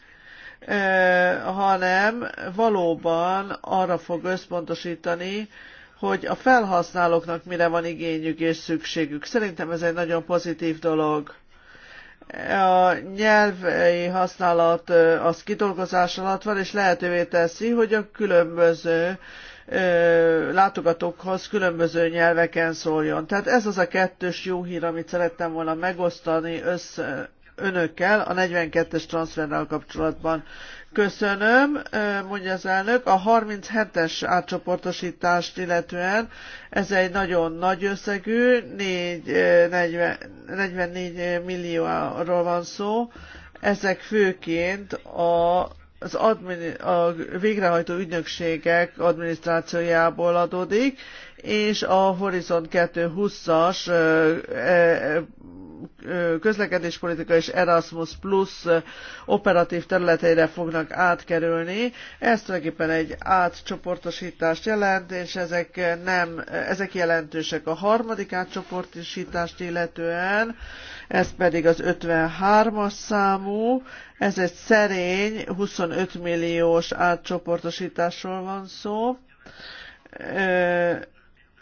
e, hanem valóban arra fog összpontosítani, hogy a felhasználóknak mire van igényük és szükségük. Szerintem ez egy nagyon pozitív dolog. A nyelvi használat az kidolgozás alatt van, és lehetővé teszi, hogy a különböző látogatókhoz különböző nyelveken szóljon. Tehát ez az a kettős jó hír, amit szerettem volna megosztani össze, önökkel a 42-es transferrel kapcsolatban. Köszönöm, mondja az elnök. A 37-es átcsoportosítást illetően ez egy nagyon nagy összegű, 4, 40, 44 millióról van szó. Ezek főként a az admini- a végrehajtó ügynökségek adminisztrációjából adódik, és a Horizon 220-as közlekedéspolitika és Erasmus Plus operatív területeire fognak átkerülni. Ez tulajdonképpen egy átcsoportosítást jelent, és ezek, nem, ezek jelentősek a harmadik átcsoportosítást illetően, ez pedig az 53-as számú, ez egy szerény 25 milliós átcsoportosításról van szó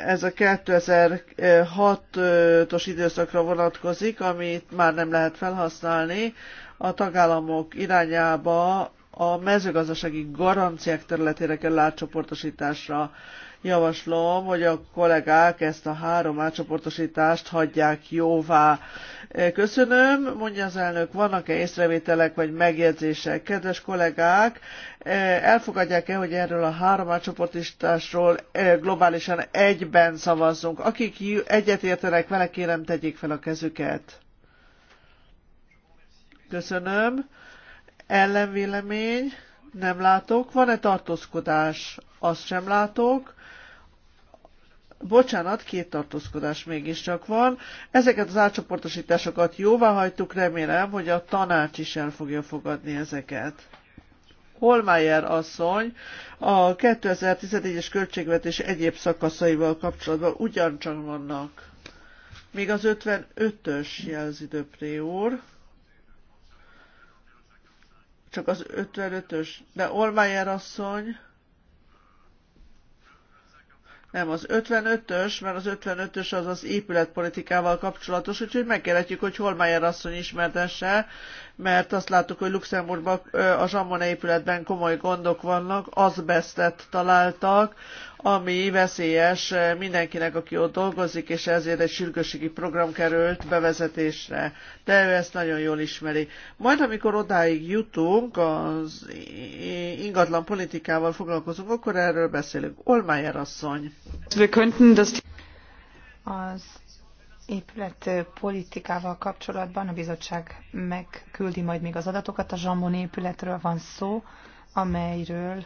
ez a 2006-os időszakra vonatkozik, amit már nem lehet felhasználni, a tagállamok irányába a mezőgazdasági garanciák területére kell átcsoportosításra. Javaslom, hogy a kollégák ezt a három átcsoportosítást hagyják jóvá. Köszönöm, mondja az elnök, vannak-e észrevételek vagy megjegyzések? Kedves kollégák, eh, elfogadják-e, hogy erről a három csoportistásról eh, globálisan egyben szavazzunk? Akik egyetértenek vele, kérem tegyék fel a kezüket. Köszönöm. Ellenvélemény? Nem látok. Van-e tartózkodás? Azt sem látok. Bocsánat, két tartózkodás mégiscsak van. Ezeket az átcsoportosításokat jóvá hagytuk, remélem, hogy a tanács is el fogja fogadni ezeket. Holmeyer asszony a 2014-es költségvetés egyéb szakaszaival kapcsolatban ugyancsak vannak. Még az 55-ös jelzi Döpré úr. Csak az 55-ös. De Olmeyer asszony nem, az 55-ös, mert az 55-ös az az épületpolitikával kapcsolatos, úgyhogy megkérhetjük, hogy Holmeyer asszony ismertesse, mert azt láttuk, hogy Luxemburgban a Zsamona épületben komoly gondok vannak, azbesztet találtak, ami veszélyes mindenkinek, aki ott dolgozik, és ezért egy sürgősségi program került bevezetésre. De ő ezt nagyon jól ismeri. Majd amikor odáig jutunk, az ingatlan politikával foglalkozunk, akkor erről beszélünk. Olmájer asszony. Az épület politikával kapcsolatban a bizottság megküldi majd még az adatokat. A Zsambon épületről van szó, amelyről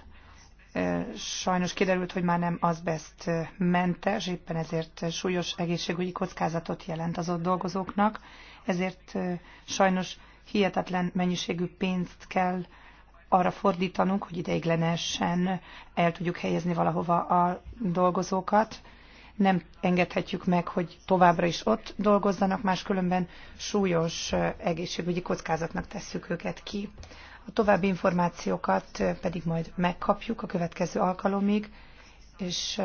sajnos kiderült, hogy már nem azbest mentes, éppen ezért súlyos egészségügyi kockázatot jelent az ott dolgozóknak, ezért sajnos hihetetlen mennyiségű pénzt kell arra fordítanunk, hogy ideiglenesen el tudjuk helyezni valahova a dolgozókat. Nem engedhetjük meg, hogy továbbra is ott dolgozzanak, máskülönben súlyos egészségügyi kockázatnak tesszük őket ki. A további információkat pedig majd megkapjuk a következő alkalomig, és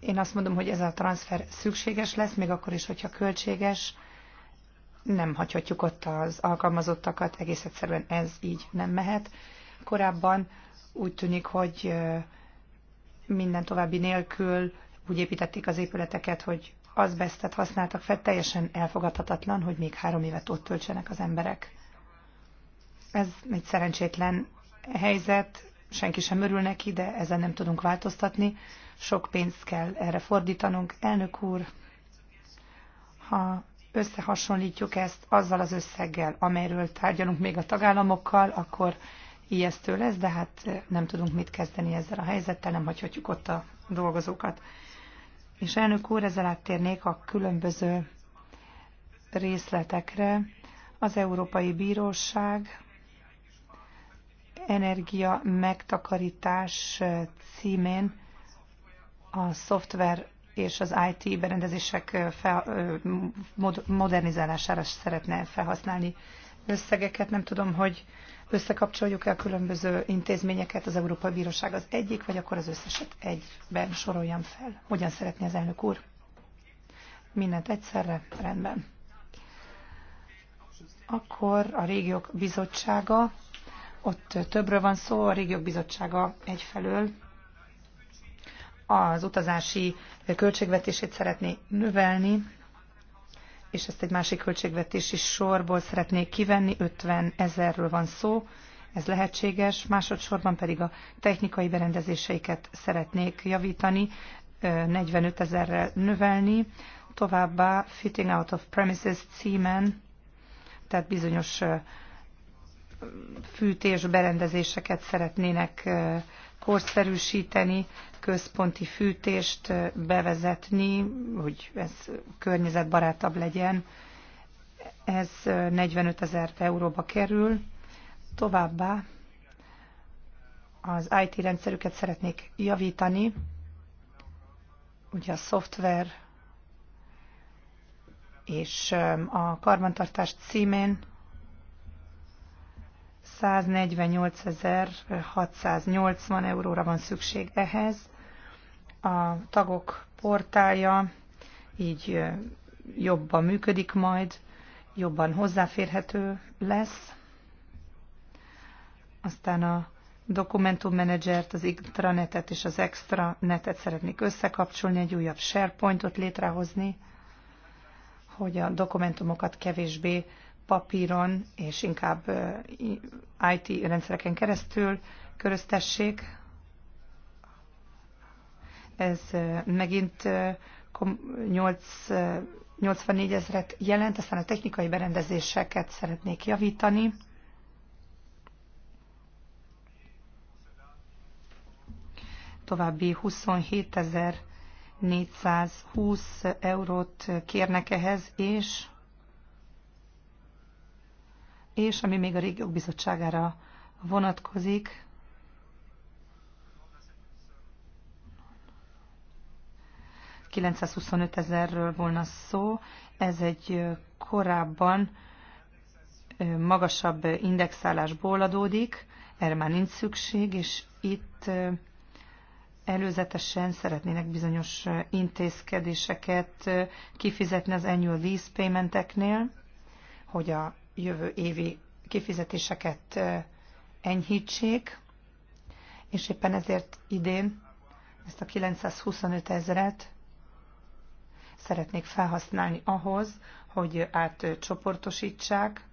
én azt mondom, hogy ez a transfer szükséges lesz, még akkor is, hogyha költséges, nem hagyhatjuk ott az alkalmazottakat, egész egyszerűen ez így nem mehet. Korábban úgy tűnik, hogy minden további nélkül úgy építették az épületeket, hogy az használtak fel, teljesen elfogadhatatlan, hogy még három évet ott töltsenek az emberek. Ez egy szerencsétlen helyzet, senki sem örül neki, de ezen nem tudunk változtatni. Sok pénzt kell erre fordítanunk. Elnök úr, ha összehasonlítjuk ezt azzal az összeggel, amelyről tárgyalunk még a tagállamokkal, akkor ijesztő lesz, de hát nem tudunk mit kezdeni ezzel a helyzettel, nem hagyhatjuk ott a dolgozókat. És elnök úr, ezzel áttérnék a különböző részletekre. Az Európai Bíróság energia megtakarítás címén a szoftver és az IT berendezések fel, modernizálására szeretne felhasználni összegeket. Nem tudom, hogy összekapcsoljuk e a különböző intézményeket, az Európai Bíróság az egyik, vagy akkor az összeset egyben soroljam fel. Hogyan szeretné az elnök úr? Mindent egyszerre? Rendben. Akkor a régiók bizottsága ott többről van szó, a régiók bizottsága egyfelől az utazási költségvetését szeretné növelni, és ezt egy másik költségvetési sorból szeretnék kivenni, 50 ezerről van szó, ez lehetséges, másodszorban pedig a technikai berendezéseiket szeretnék javítani, 45 ezerrel növelni, továbbá Fitting Out of Premises címen, tehát bizonyos fűtés berendezéseket szeretnének korszerűsíteni, központi fűtést bevezetni, hogy ez környezetbarátabb legyen. Ez 45 ezer euróba kerül. Továbbá az IT rendszerüket szeretnék javítani, ugye a szoftver és a karbantartás címén 148.680 euróra van szükség ehhez. A tagok portálja így jobban működik majd, jobban hozzáférhető lesz. Aztán a Managert, az intranetet és az extra netet szeretnék összekapcsolni, egy újabb SharePointot létrehozni, hogy a dokumentumokat kevésbé papíron és inkább IT rendszereken keresztül köröztessék. Ez megint 84 ezeret jelent, aztán a technikai berendezéseket szeretnék javítani. További 27 420 eurót kérnek ehhez, és és ami még a régiók bizottságára vonatkozik, ...925 ezerről volna szó. Ez egy korábban magasabb indexálásból adódik, erre már nincs szükség, és itt előzetesen szeretnének bizonyos intézkedéseket kifizetni az annual lease paymenteknél, hogy a jövő évi kifizetéseket enyhítsék, és éppen ezért idén ezt a 925 ezeret szeretnék felhasználni ahhoz, hogy átcsoportosítsák.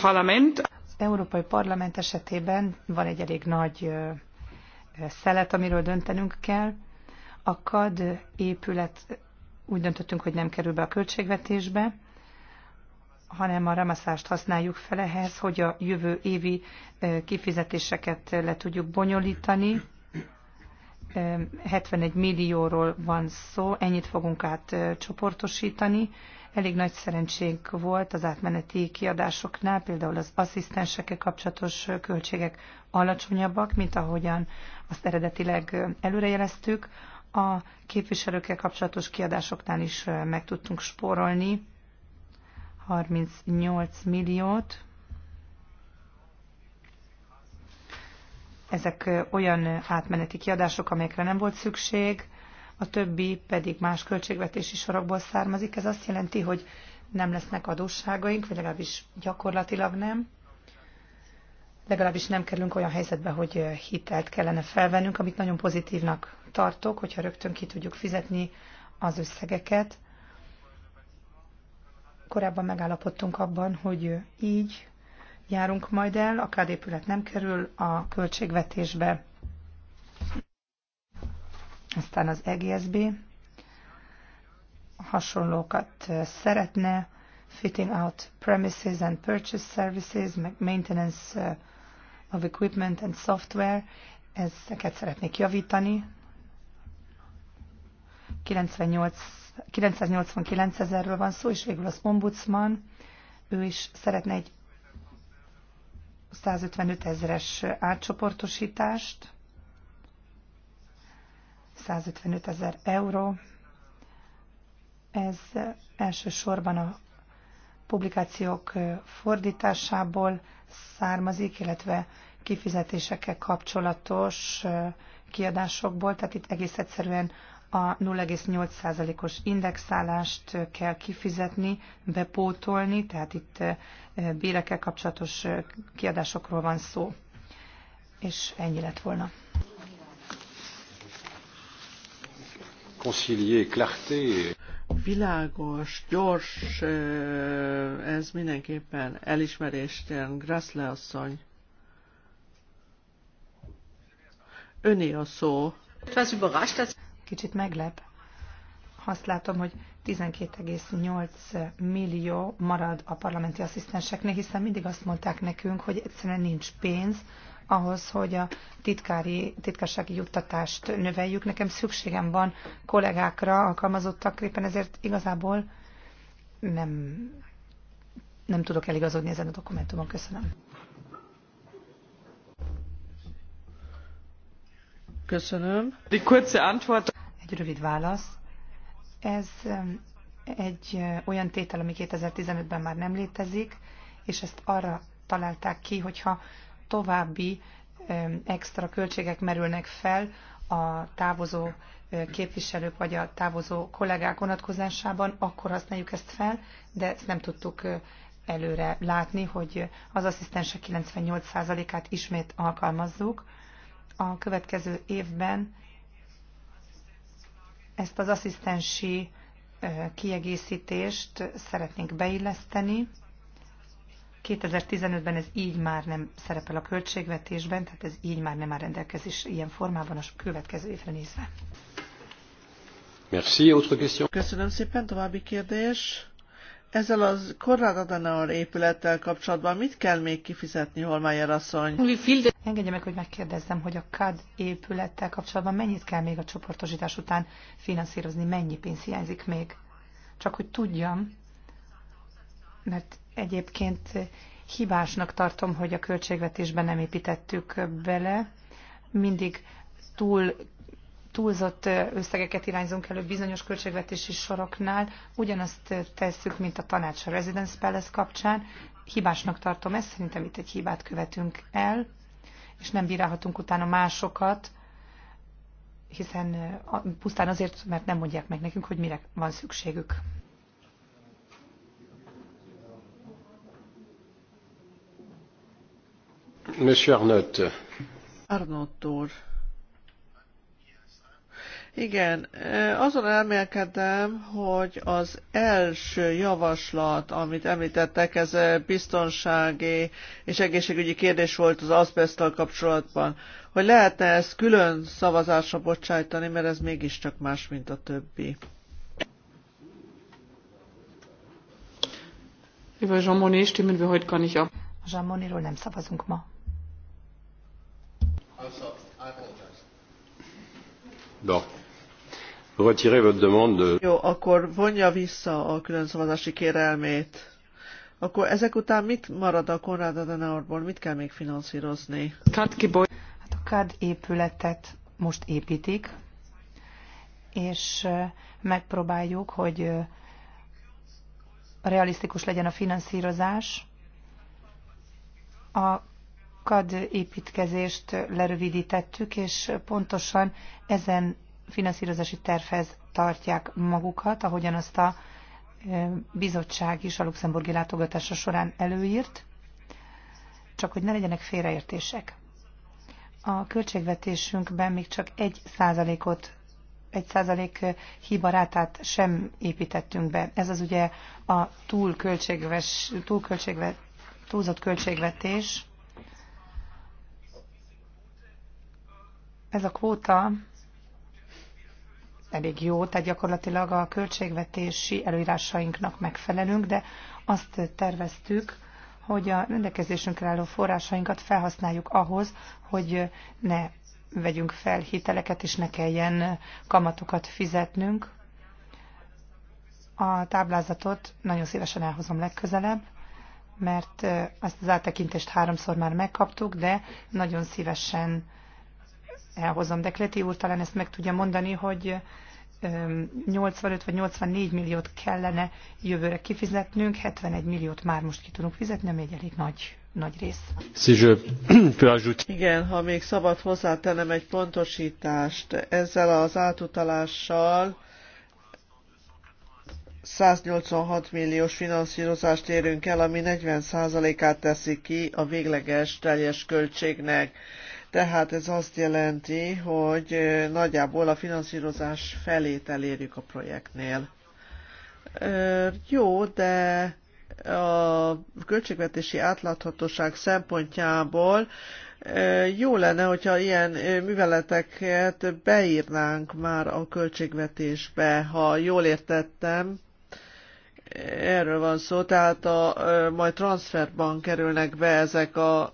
Parlament. Az Európai Parlament esetében van egy elég nagy szelet, amiről döntenünk kell. A KAD épület úgy döntöttünk, hogy nem kerül be a költségvetésbe, hanem a ramaszást használjuk fel ehhez, hogy a jövő évi kifizetéseket le tudjuk bonyolítani. 71 millióról van szó, ennyit fogunk átcsoportosítani. Elég nagy szerencsénk volt az átmeneti kiadásoknál, például az asszisztensekkel kapcsolatos költségek alacsonyabbak, mint ahogyan azt eredetileg előrejeleztük a képviselőkkel kapcsolatos kiadásoknál is meg tudtunk spórolni 38 milliót. Ezek olyan átmeneti kiadások, amelyekre nem volt szükség, a többi pedig más költségvetési sorokból származik. Ez azt jelenti, hogy nem lesznek adósságaink, vagy legalábbis gyakorlatilag nem. Legalábbis nem kerülünk olyan helyzetbe, hogy hitelt kellene felvennünk, amit nagyon pozitívnak tartok, hogyha rögtön ki tudjuk fizetni az összegeket. Korábban megállapodtunk abban, hogy így járunk majd el, a kádépület nem kerül a költségvetésbe, aztán az EGSB hasonlókat szeretne, fitting out premises and purchase services, maintenance of equipment and software, ezeket szeretnék javítani, 989 ezerről van szó, és végül az ombudsman, ő is szeretne egy 155 ezeres átcsoportosítást, 155 ezer euró. Ez elsősorban a publikációk fordításából származik, illetve kifizetésekkel kapcsolatos kiadásokból, tehát itt egész egyszerűen a 0,8%-os indexálást kell kifizetni, bepótolni, tehát itt bérekkel kapcsolatos kiadásokról van szó. És ennyi lett volna. Világos, gyors, ez mindenképpen elismerést jön, Grassle asszony. Öné a szó kicsit meglep. Azt látom, hogy 12,8 millió marad a parlamenti asszisztenseknél, hiszen mindig azt mondták nekünk, hogy egyszerűen nincs pénz ahhoz, hogy a titkári, titkársági juttatást növeljük. Nekem szükségem van kollégákra, alkalmazottak, éppen ezért igazából nem, nem tudok eligazodni ezen a dokumentumon. Köszönöm. Köszönöm. Egy rövid válasz. Ez egy olyan tétel, ami 2015-ben már nem létezik, és ezt arra találták ki, hogyha további extra költségek merülnek fel a távozó képviselők vagy a távozó kollégák vonatkozásában, akkor használjuk ezt fel, de ezt nem tudtuk előre látni, hogy az asszisztensek 98%-át ismét alkalmazzuk, a következő évben ezt az asszisztensi kiegészítést szeretnénk beilleszteni. 2015-ben ez így már nem szerepel a költségvetésben, tehát ez így már nem áll rendelkezés ilyen formában a következő évre nézve. Merci. Autre question? Köszönöm szépen, további kérdés. Ezzel az Konrad Adenauer épülettel kapcsolatban mit kell még kifizetni, Holmeyer asszony? Engedje meg, hogy megkérdezzem, hogy a CAD épülettel kapcsolatban mennyit kell még a csoportosítás után finanszírozni, mennyi pénz hiányzik még? Csak hogy tudjam, mert egyébként hibásnak tartom, hogy a költségvetésben nem építettük bele. Mindig túl túlzott összegeket irányzunk elő bizonyos költségvetési soroknál, ugyanazt tesszük, mint a tanács a Residence Palace kapcsán. Hibásnak tartom ezt, szerintem itt egy hibát követünk el, és nem bírálhatunk utána másokat, hiszen pusztán azért, mert nem mondják meg nekünk, hogy mire van szükségük. Monsieur Arnott. Arnott úr. Igen, azon elmélkedem, hogy az első javaslat, amit említettek, ez biztonsági és egészségügyi kérdés volt az aszbesztal kapcsolatban, hogy lehetne ezt külön szavazásra bocsájtani, mert ez mégiscsak más, mint a többi. Über Jean moni stimmen wir heute gar nicht ab. Jean Monnetról nem szavazunk ma. Doch retirez votre demande Jó, akkor vonja vissza a külön szavazási kérelmét. Akkor ezek után mit marad a Konrad Adenauerból? Mit kell még finanszírozni? Hát a CAD épületet most építik, és megpróbáljuk, hogy realisztikus legyen a finanszírozás. A CAD építkezést lerövidítettük, és pontosan ezen finanszírozási tervhez tartják magukat, ahogyan azt a e, bizottság is a luxemburgi látogatása során előírt, csak hogy ne legyenek félreértések. A költségvetésünkben még csak egy százalékot egy százalék e, hibarátát sem építettünk be. Ez az ugye a túl túl költségve, túlzott költségvetés. Ez a kvóta elég jó, tehát gyakorlatilag a költségvetési előírásainknak megfelelünk, de azt terveztük, hogy a rendelkezésünkre álló forrásainkat felhasználjuk ahhoz, hogy ne vegyünk fel hiteleket, és ne kelljen kamatokat fizetnünk. A táblázatot nagyon szívesen elhozom legközelebb, mert ezt az áttekintést háromszor már megkaptuk, de nagyon szívesen elhozom. De Kleti úr talán ezt meg tudja mondani, hogy 85 vagy 84 milliót kellene jövőre kifizetnünk, 71 milliót már most ki tudunk fizetni, ami egy elég nagy, nagy rész. <coughs> Igen, ha még szabad hozzátenem egy pontosítást, ezzel az átutalással 186 milliós finanszírozást érünk el, ami 40%-át teszi ki a végleges teljes költségnek tehát ez azt jelenti, hogy nagyjából a finanszírozás felét elérjük a projektnél. Jó, de a költségvetési átláthatóság szempontjából jó lenne, hogyha ilyen műveleteket beírnánk már a költségvetésbe, ha jól értettem erről van szó, tehát a, majd transferban kerülnek be ezek a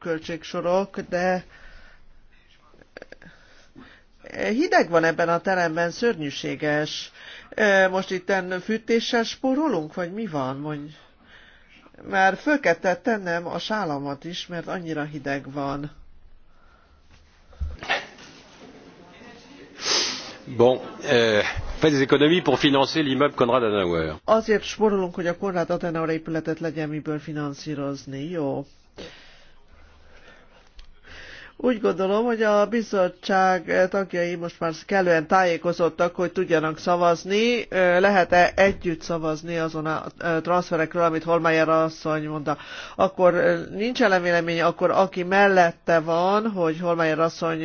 költségsorok, de hideg van ebben a teremben, szörnyűséges. Most itt fűtéssel spórolunk, vagy mi van? Mondj. Már föl kellett tennem a sálamat is, mert annyira hideg van. Bon, euh, faites des économies pour financer l'immeuble Konrad Adenauer. Azért spórolunk, hogy a Konrad Adenauer épületet legyen miből finanszírozni, jó. Úgy gondolom, hogy a bizottság tagjai most már kellően tájékozottak, hogy tudjanak szavazni. Lehet-e együtt szavazni azon a transferekről, amit Holmeyer asszony mondta? Akkor nincs ellenvélemény, akkor aki mellette van, hogy Holmeyer asszony,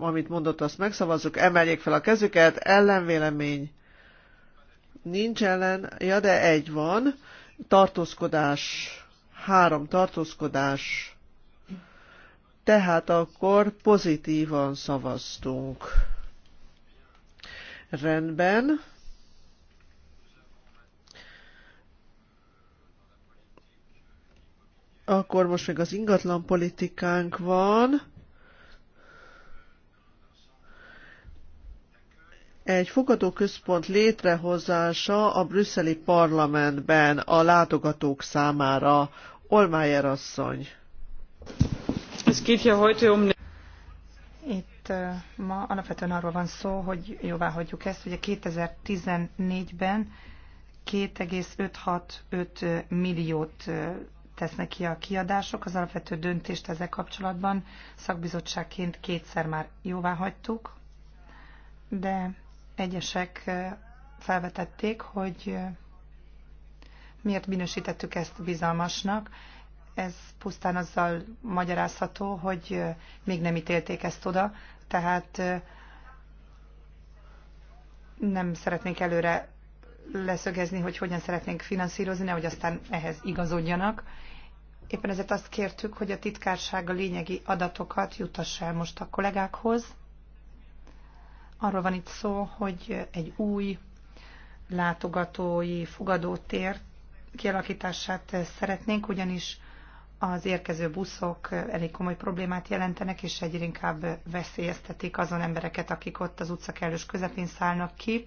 amit mondott, azt megszavazzuk, emeljék fel a kezüket, ellenvélemény. Nincs ellen, ja de egy van, tartózkodás, három tartózkodás, tehát akkor pozitívan szavaztunk. Rendben. Akkor most még az ingatlan politikánk van. Egy fogadóközpont létrehozása a brüsszeli parlamentben a látogatók számára. Olmájer asszony. Um Itt ma alapvetően arról van szó, hogy jóvá hagyjuk ezt, a 2014-ben 2,565 milliót tesznek ki a kiadások. Az alapvető döntést ezzel kapcsolatban szakbizottságként kétszer már jóvá hagytuk, de egyesek felvetették, hogy miért minősítettük ezt bizalmasnak ez pusztán azzal magyarázható, hogy még nem ítélték ezt oda, tehát nem szeretnénk előre leszögezni, hogy hogyan szeretnénk finanszírozni, hogy aztán ehhez igazodjanak. Éppen ezért azt kértük, hogy a titkárság a lényegi adatokat jutassa el most a kollégákhoz. Arról van itt szó, hogy egy új látogatói fogadótér kialakítását szeretnénk, ugyanis az érkező buszok elég komoly problémát jelentenek, és egyre inkább veszélyeztetik azon embereket, akik ott az utca kellős közepén szállnak ki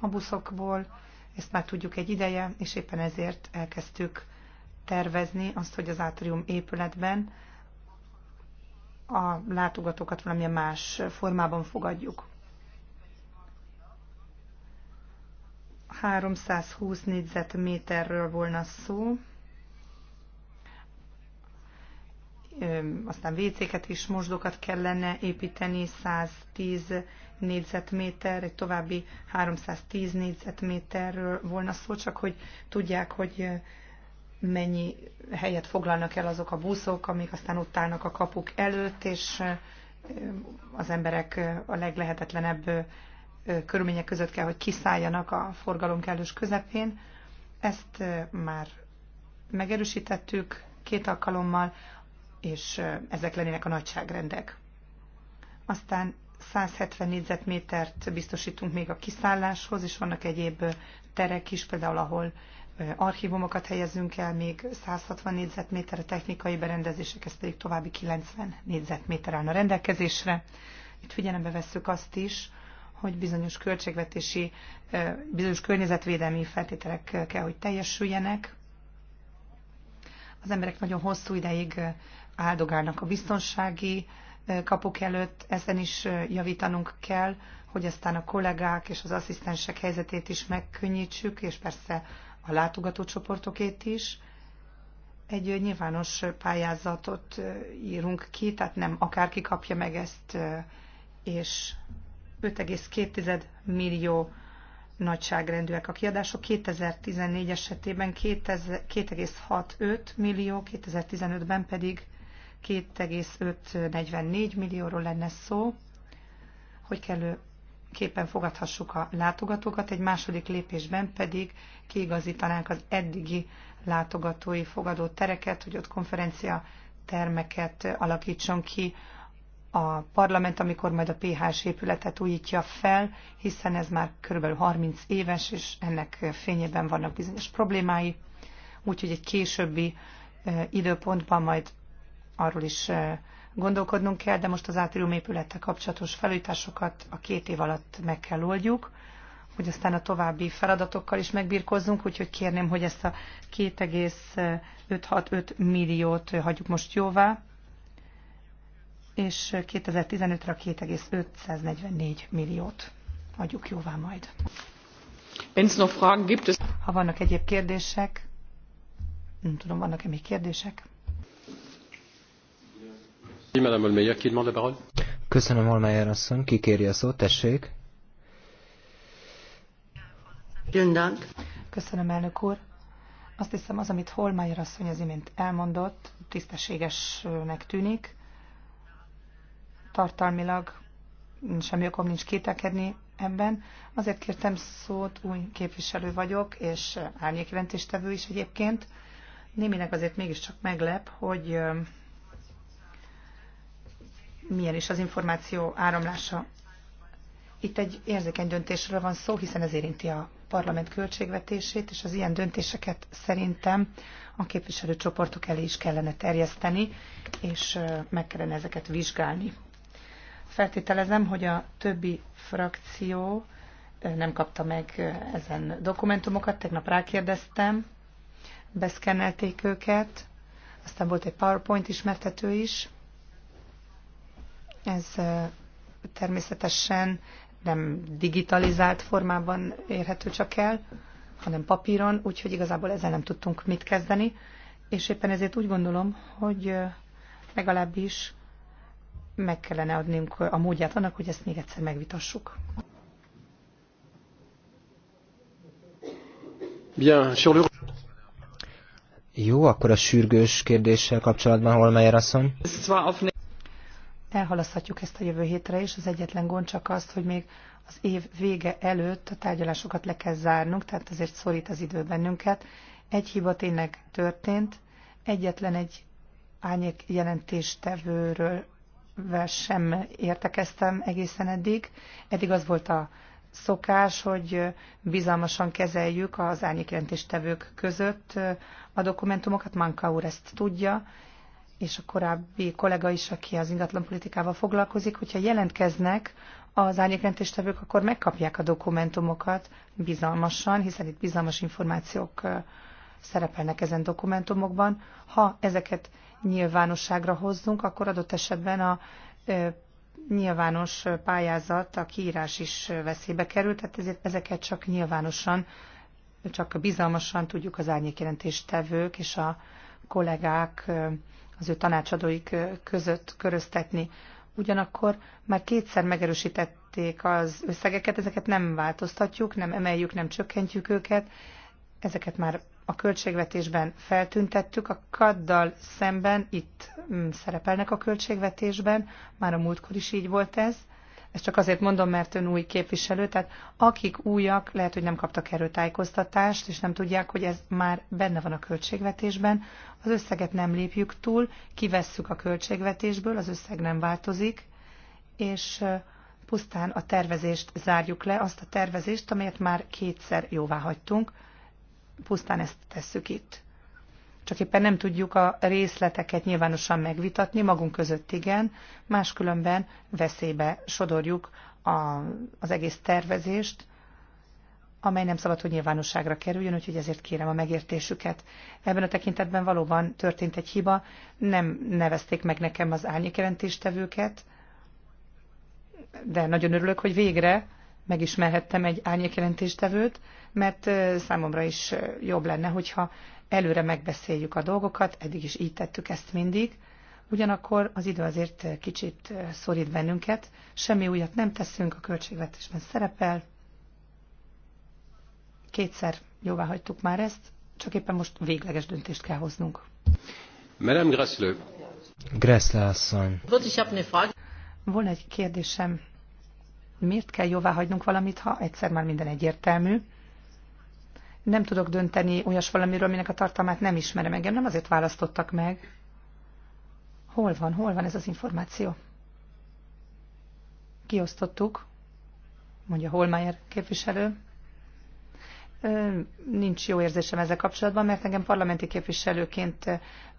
a buszokból. Ezt már tudjuk egy ideje, és éppen ezért elkezdtük tervezni azt, hogy az átrium épületben a látogatókat valamilyen más formában fogadjuk. 320 négyzetméterről volna szó, aztán WC-ket is, mosdókat kellene építeni, 110 négyzetméter, egy további 310 négyzetméterről volna szó, csak hogy tudják, hogy mennyi helyet foglalnak el azok a buszok, amik aztán ott állnak a kapuk előtt, és az emberek a leglehetetlenebb körülmények között kell, hogy kiszálljanak a forgalom kellős közepén. Ezt már megerősítettük két alkalommal és ezek lennének a nagyságrendek. Aztán 170 négyzetmétert biztosítunk még a kiszálláshoz, és vannak egyéb terek is, például ahol archívumokat helyezünk el, még 160 négyzetméter a technikai berendezések, ez pedig további 90 négyzetméter a rendelkezésre. Itt figyelembe vesszük azt is, hogy bizonyos költségvetési, bizonyos környezetvédelmi feltételek kell, hogy teljesüljenek. Az emberek nagyon hosszú ideig áldogálnak a biztonsági kapuk előtt, ezen is javítanunk kell, hogy aztán a kollégák és az asszisztensek helyzetét is megkönnyítsük, és persze a látogatócsoportokét is. Egy nyilvános pályázatot írunk ki, tehát nem akárki kapja meg ezt, és 5,2 millió nagyságrendűek a kiadások. 2014 esetében 2,65 millió, 2015-ben pedig 2,544 millióról lenne szó, hogy kellő képen fogadhassuk a látogatókat, egy második lépésben pedig kiigazítanánk az eddigi látogatói fogadó tereket, hogy ott konferencia termeket alakítson ki a parlament, amikor majd a PHS épületet újítja fel, hiszen ez már kb. 30 éves, és ennek fényében vannak bizonyos problémái, úgyhogy egy későbbi időpontban majd arról is eh, gondolkodnunk kell, de most az átrium épülettel kapcsolatos felújításokat a két év alatt meg kell oldjuk, hogy aztán a további feladatokkal is megbírkozzunk, úgyhogy kérném, hogy ezt a 2,565 milliót hagyjuk most jóvá, és 2015-re a 2,544 milliót adjuk jóvá majd. Ha vannak egyéb kérdések, nem tudom, vannak-e még kérdések? Köszönöm, Olmeyer asszony. Ki kéri a szót? Tessék. Köszönöm, elnök úr. Azt hiszem, az, amit Holmeyer asszony az imént elmondott, tisztességesnek tűnik. Tartalmilag semmi okom nincs kételkedni ebben. Azért kértem szót, új képviselő vagyok, és árnyékjelentéstevő is egyébként. Némileg azért mégiscsak meglep, hogy milyen is az információ áramlása. Itt egy érzékeny döntésről van szó, hiszen ez érinti a parlament költségvetését, és az ilyen döntéseket szerintem a képviselőcsoportok elé is kellene terjeszteni, és meg kellene ezeket vizsgálni. Feltételezem, hogy a többi frakció nem kapta meg ezen dokumentumokat, tegnap rákérdeztem, beszkennelték őket, aztán volt egy PowerPoint ismertető is, ez természetesen nem digitalizált formában érhető csak el, hanem papíron, úgyhogy igazából ezzel nem tudtunk mit kezdeni, és éppen ezért úgy gondolom, hogy legalábbis meg kellene adnunk a módját annak, hogy ezt még egyszer megvitassuk. Bien, Jó, akkor a sürgős kérdéssel kapcsolatban Holmeyer asszony elhalaszthatjuk ezt a jövő hétre, és az egyetlen gond csak az, hogy még az év vége előtt a tárgyalásokat le kell zárnunk, tehát azért szorít az idő bennünket. Egy hiba tényleg történt, egyetlen egy árnyék jelentéstevőről sem értekeztem egészen eddig. Eddig az volt a szokás, hogy bizalmasan kezeljük az jelentéstevők között a dokumentumokat, Manka úr ezt tudja, és a korábbi kollega is, aki az ingatlanpolitikával foglalkozik, hogyha jelentkeznek az árnyékrendtéstevők, akkor megkapják a dokumentumokat bizalmasan, hiszen itt bizalmas információk szerepelnek ezen dokumentumokban. Ha ezeket nyilvánosságra hozzunk, akkor adott esetben a nyilvános pályázat, a kiírás is veszélybe került, tehát ezért ezeket csak nyilvánosan, csak bizalmasan tudjuk az árnyékjelentéstevők és a kollégák az ő tanácsadóik között köröztetni. Ugyanakkor már kétszer megerősítették az összegeket, ezeket nem változtatjuk, nem emeljük, nem csökkentjük őket, ezeket már a költségvetésben feltüntettük, a kaddal szemben itt mm, szerepelnek a költségvetésben, már a múltkor is így volt ez, ezt csak azért mondom, mert ön új képviselő, tehát akik újak, lehet, hogy nem kaptak erről tájékoztatást, és nem tudják, hogy ez már benne van a költségvetésben. Az összeget nem lépjük túl, kivesszük a költségvetésből, az összeg nem változik, és pusztán a tervezést zárjuk le, azt a tervezést, amelyet már kétszer jóvá hagytunk, pusztán ezt tesszük itt csak éppen nem tudjuk a részleteket nyilvánosan megvitatni, magunk között igen, máskülönben veszélybe sodorjuk a, az egész tervezést, amely nem szabad, hogy nyilvánosságra kerüljön, úgyhogy ezért kérem a megértésüket. Ebben a tekintetben valóban történt egy hiba, nem nevezték meg nekem az árnyékjelentéstevőket, de nagyon örülök, hogy végre megismerhettem egy árnyékjelentéstevőt, mert számomra is jobb lenne, hogyha előre megbeszéljük a dolgokat, eddig is így tettük ezt mindig, ugyanakkor az idő azért kicsit szorít bennünket, semmi újat nem teszünk, a költségvetésben szerepel, kétszer jóvá hagytuk már ezt, csak éppen most végleges döntést kell hoznunk. Merem Gressle. Gressle asszony. Volna egy kérdésem. Miért kell jóvá hagynunk valamit, ha egyszer már minden egyértelmű? nem tudok dönteni olyas valamiről, aminek a tartalmát nem ismerem. Engem nem azért választottak meg. Hol van, hol van ez az információ? Kiosztottuk, mondja Holmeier képviselő. Nincs jó érzésem ezzel kapcsolatban, mert engem parlamenti képviselőként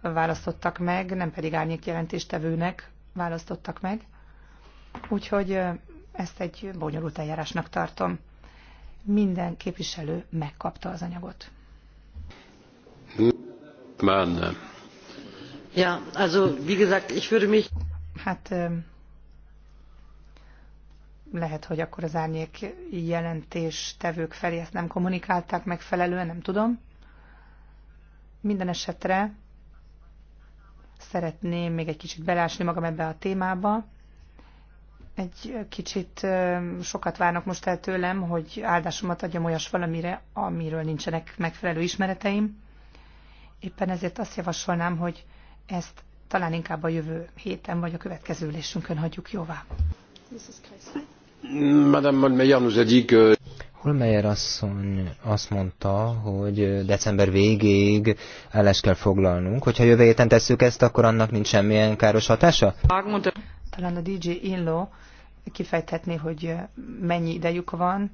választottak meg, nem pedig árnyék jelentéstevőnek választottak meg. Úgyhogy ezt egy bonyolult eljárásnak tartom. Minden képviselő megkapta az anyagot. Már nem. Ja, also wie gesagt, ich würde mich... Hát lehet, hogy akkor az árnyék jelentés tevők felé ezt nem kommunikálták megfelelően, nem tudom. Minden esetre szeretném még egy kicsit belásni magam ebbe a témába egy kicsit sokat várnak most el tőlem, hogy áldásomat adjam olyas valamire, amiről nincsenek megfelelő ismereteim. Éppen ezért azt javasolnám, hogy ezt talán inkább a jövő héten vagy a következő ülésünkön hagyjuk jóvá. Madame Holmeyer asszony azt mondta, hogy december végéig állást kell foglalnunk. Hogyha jövő héten tesszük ezt, akkor annak nincs semmilyen káros hatása? Talán a DJ Inlo kifejthetné, hogy mennyi idejük van.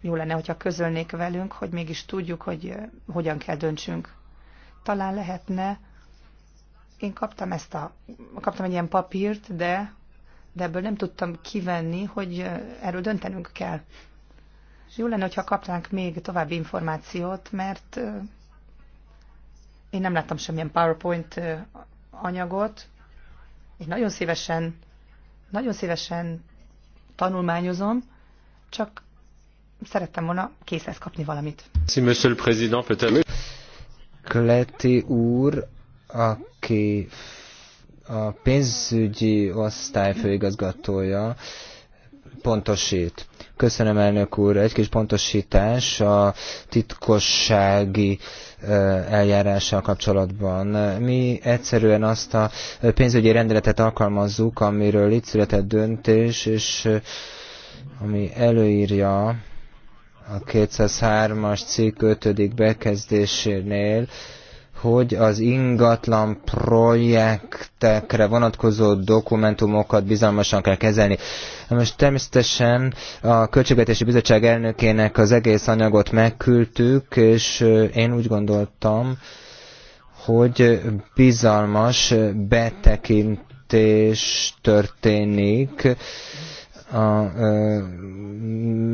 Jó lenne, hogyha közölnék velünk, hogy mégis tudjuk, hogy eh, hogyan kell döntsünk. Talán lehetne, én kaptam ezt a, kaptam egy ilyen papírt, de, de ebből nem tudtam kivenni, hogy eh, erről döntenünk kell. És jó lenne, hogyha kaptánk még további információt, mert eh, én nem láttam semmilyen PowerPoint anyagot, én nagyon szívesen, nagyon szívesen tanulmányozom, csak szerettem volna készhez kapni valamit. Si, monsieur le président, peut-être. Kleti úr, aki a pénzügyi osztály főigazgatója, pontosít. Köszönöm, elnök úr. Egy kis pontosítás a titkossági uh, eljárással kapcsolatban. Mi egyszerűen azt a pénzügyi rendeletet alkalmazzuk, amiről itt született döntés, és ami előírja a 203-as cikk 5. bekezdésénél, hogy az ingatlan projektekre vonatkozó dokumentumokat bizalmasan kell kezelni. Most természetesen a Költségvetési Bizottság elnökének az egész anyagot megküldtük, és én úgy gondoltam, hogy bizalmas betekintés történik, a,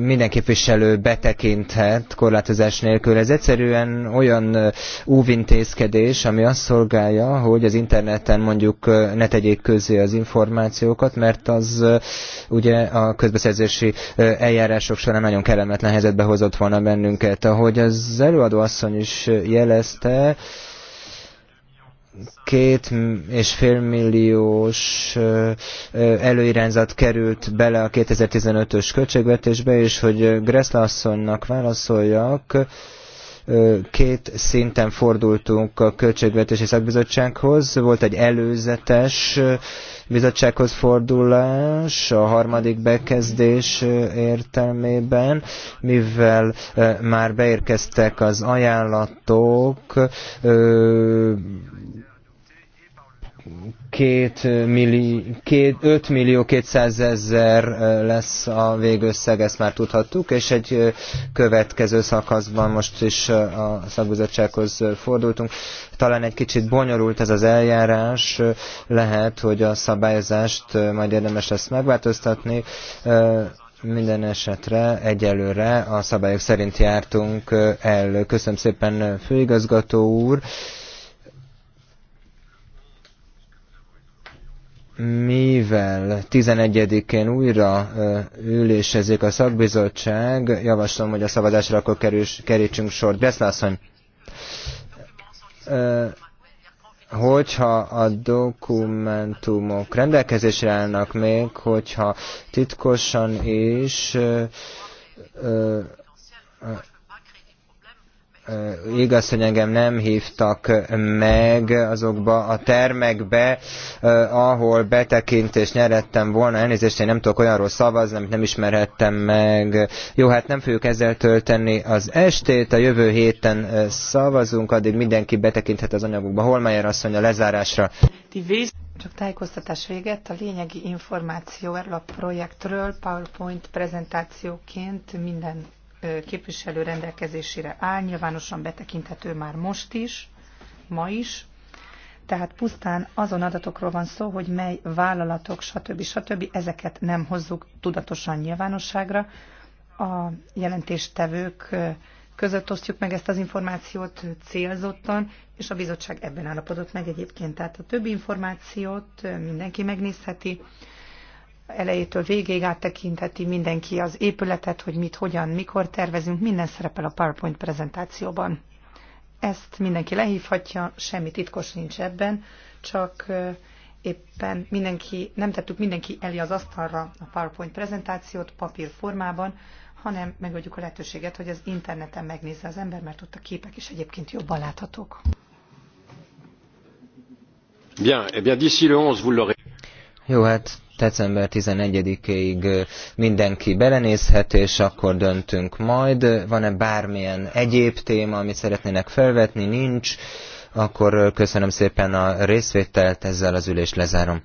minden képviselő betekinthet korlátozás nélkül. Ez egyszerűen olyan óvintézkedés, ami azt szolgálja, hogy az interneten mondjuk ne tegyék közé az információkat, mert az ugye a közbeszerzési eljárások során nagyon kellemetlen helyzetbe hozott volna bennünket. Ahogy az előadó asszony is jelezte, két és fél milliós előirányzat került bele a 2015-ös költségvetésbe, és hogy Gressla válaszoljak, két szinten fordultunk a Költségvetési Szakbizottsághoz. Volt egy előzetes bizottsághoz fordulás a harmadik bekezdés értelmében, mivel már beérkeztek az ajánlatok, két milli, két, 5 millió 200 ezer lesz a végösszeg, ezt már tudhattuk, és egy következő szakaszban most is a szakbizottsághoz fordultunk. Talán egy kicsit bonyolult ez az eljárás, lehet, hogy a szabályozást majd érdemes ezt megváltoztatni. Minden esetre egyelőre a szabályok szerint jártunk el. Köszönöm szépen, főigazgató úr. mivel 11-én újra ülésezik a szakbizottság, javaslom, hogy a szavazásra akkor kerüls, kerítsünk sort. Beszlászony, hogyha a dokumentumok rendelkezésre állnak még, hogyha titkosan is igaz, hogy engem nem hívtak meg azokba a termekbe, ahol betekintést nyerettem volna, elnézést, én nem tudok olyanról szavazni, amit nem ismerhettem meg. Jó, hát nem fogjuk ezzel tölteni az estét, a jövő héten szavazunk, addig mindenki betekinthet az anyagokba. Holmeyer asszony a lezárásra. Csak tájékoztatás véget, a lényegi információ erről a projektről PowerPoint prezentációként minden képviselő rendelkezésére áll, nyilvánosan betekinthető már most is, ma is, tehát pusztán azon adatokról van szó, hogy mely vállalatok, stb. stb. ezeket nem hozzuk tudatosan nyilvánosságra. A jelentéstevők között osztjuk meg ezt az információt célzottan, és a bizottság ebben állapodott meg egyébként. Tehát a többi információt mindenki megnézheti, elejétől végéig áttekintheti mindenki az épületet, hogy mit, hogyan, mikor tervezünk, minden szerepel a PowerPoint prezentációban. Ezt mindenki lehívhatja, semmi titkos nincs ebben, csak éppen mindenki, nem tettük mindenki elé az asztalra a PowerPoint prezentációt papír formában, hanem megadjuk a lehetőséget, hogy az interneten megnézze az ember, mert ott a képek is egyébként jobban láthatók. Bien, eh bien d'ici le 11, vous l'aurez. Jó, hát december 11-ig mindenki belenézhet, és akkor döntünk majd. Van-e bármilyen egyéb téma, amit szeretnének felvetni? Nincs. Akkor köszönöm szépen a részvételt, ezzel az ülést lezárom.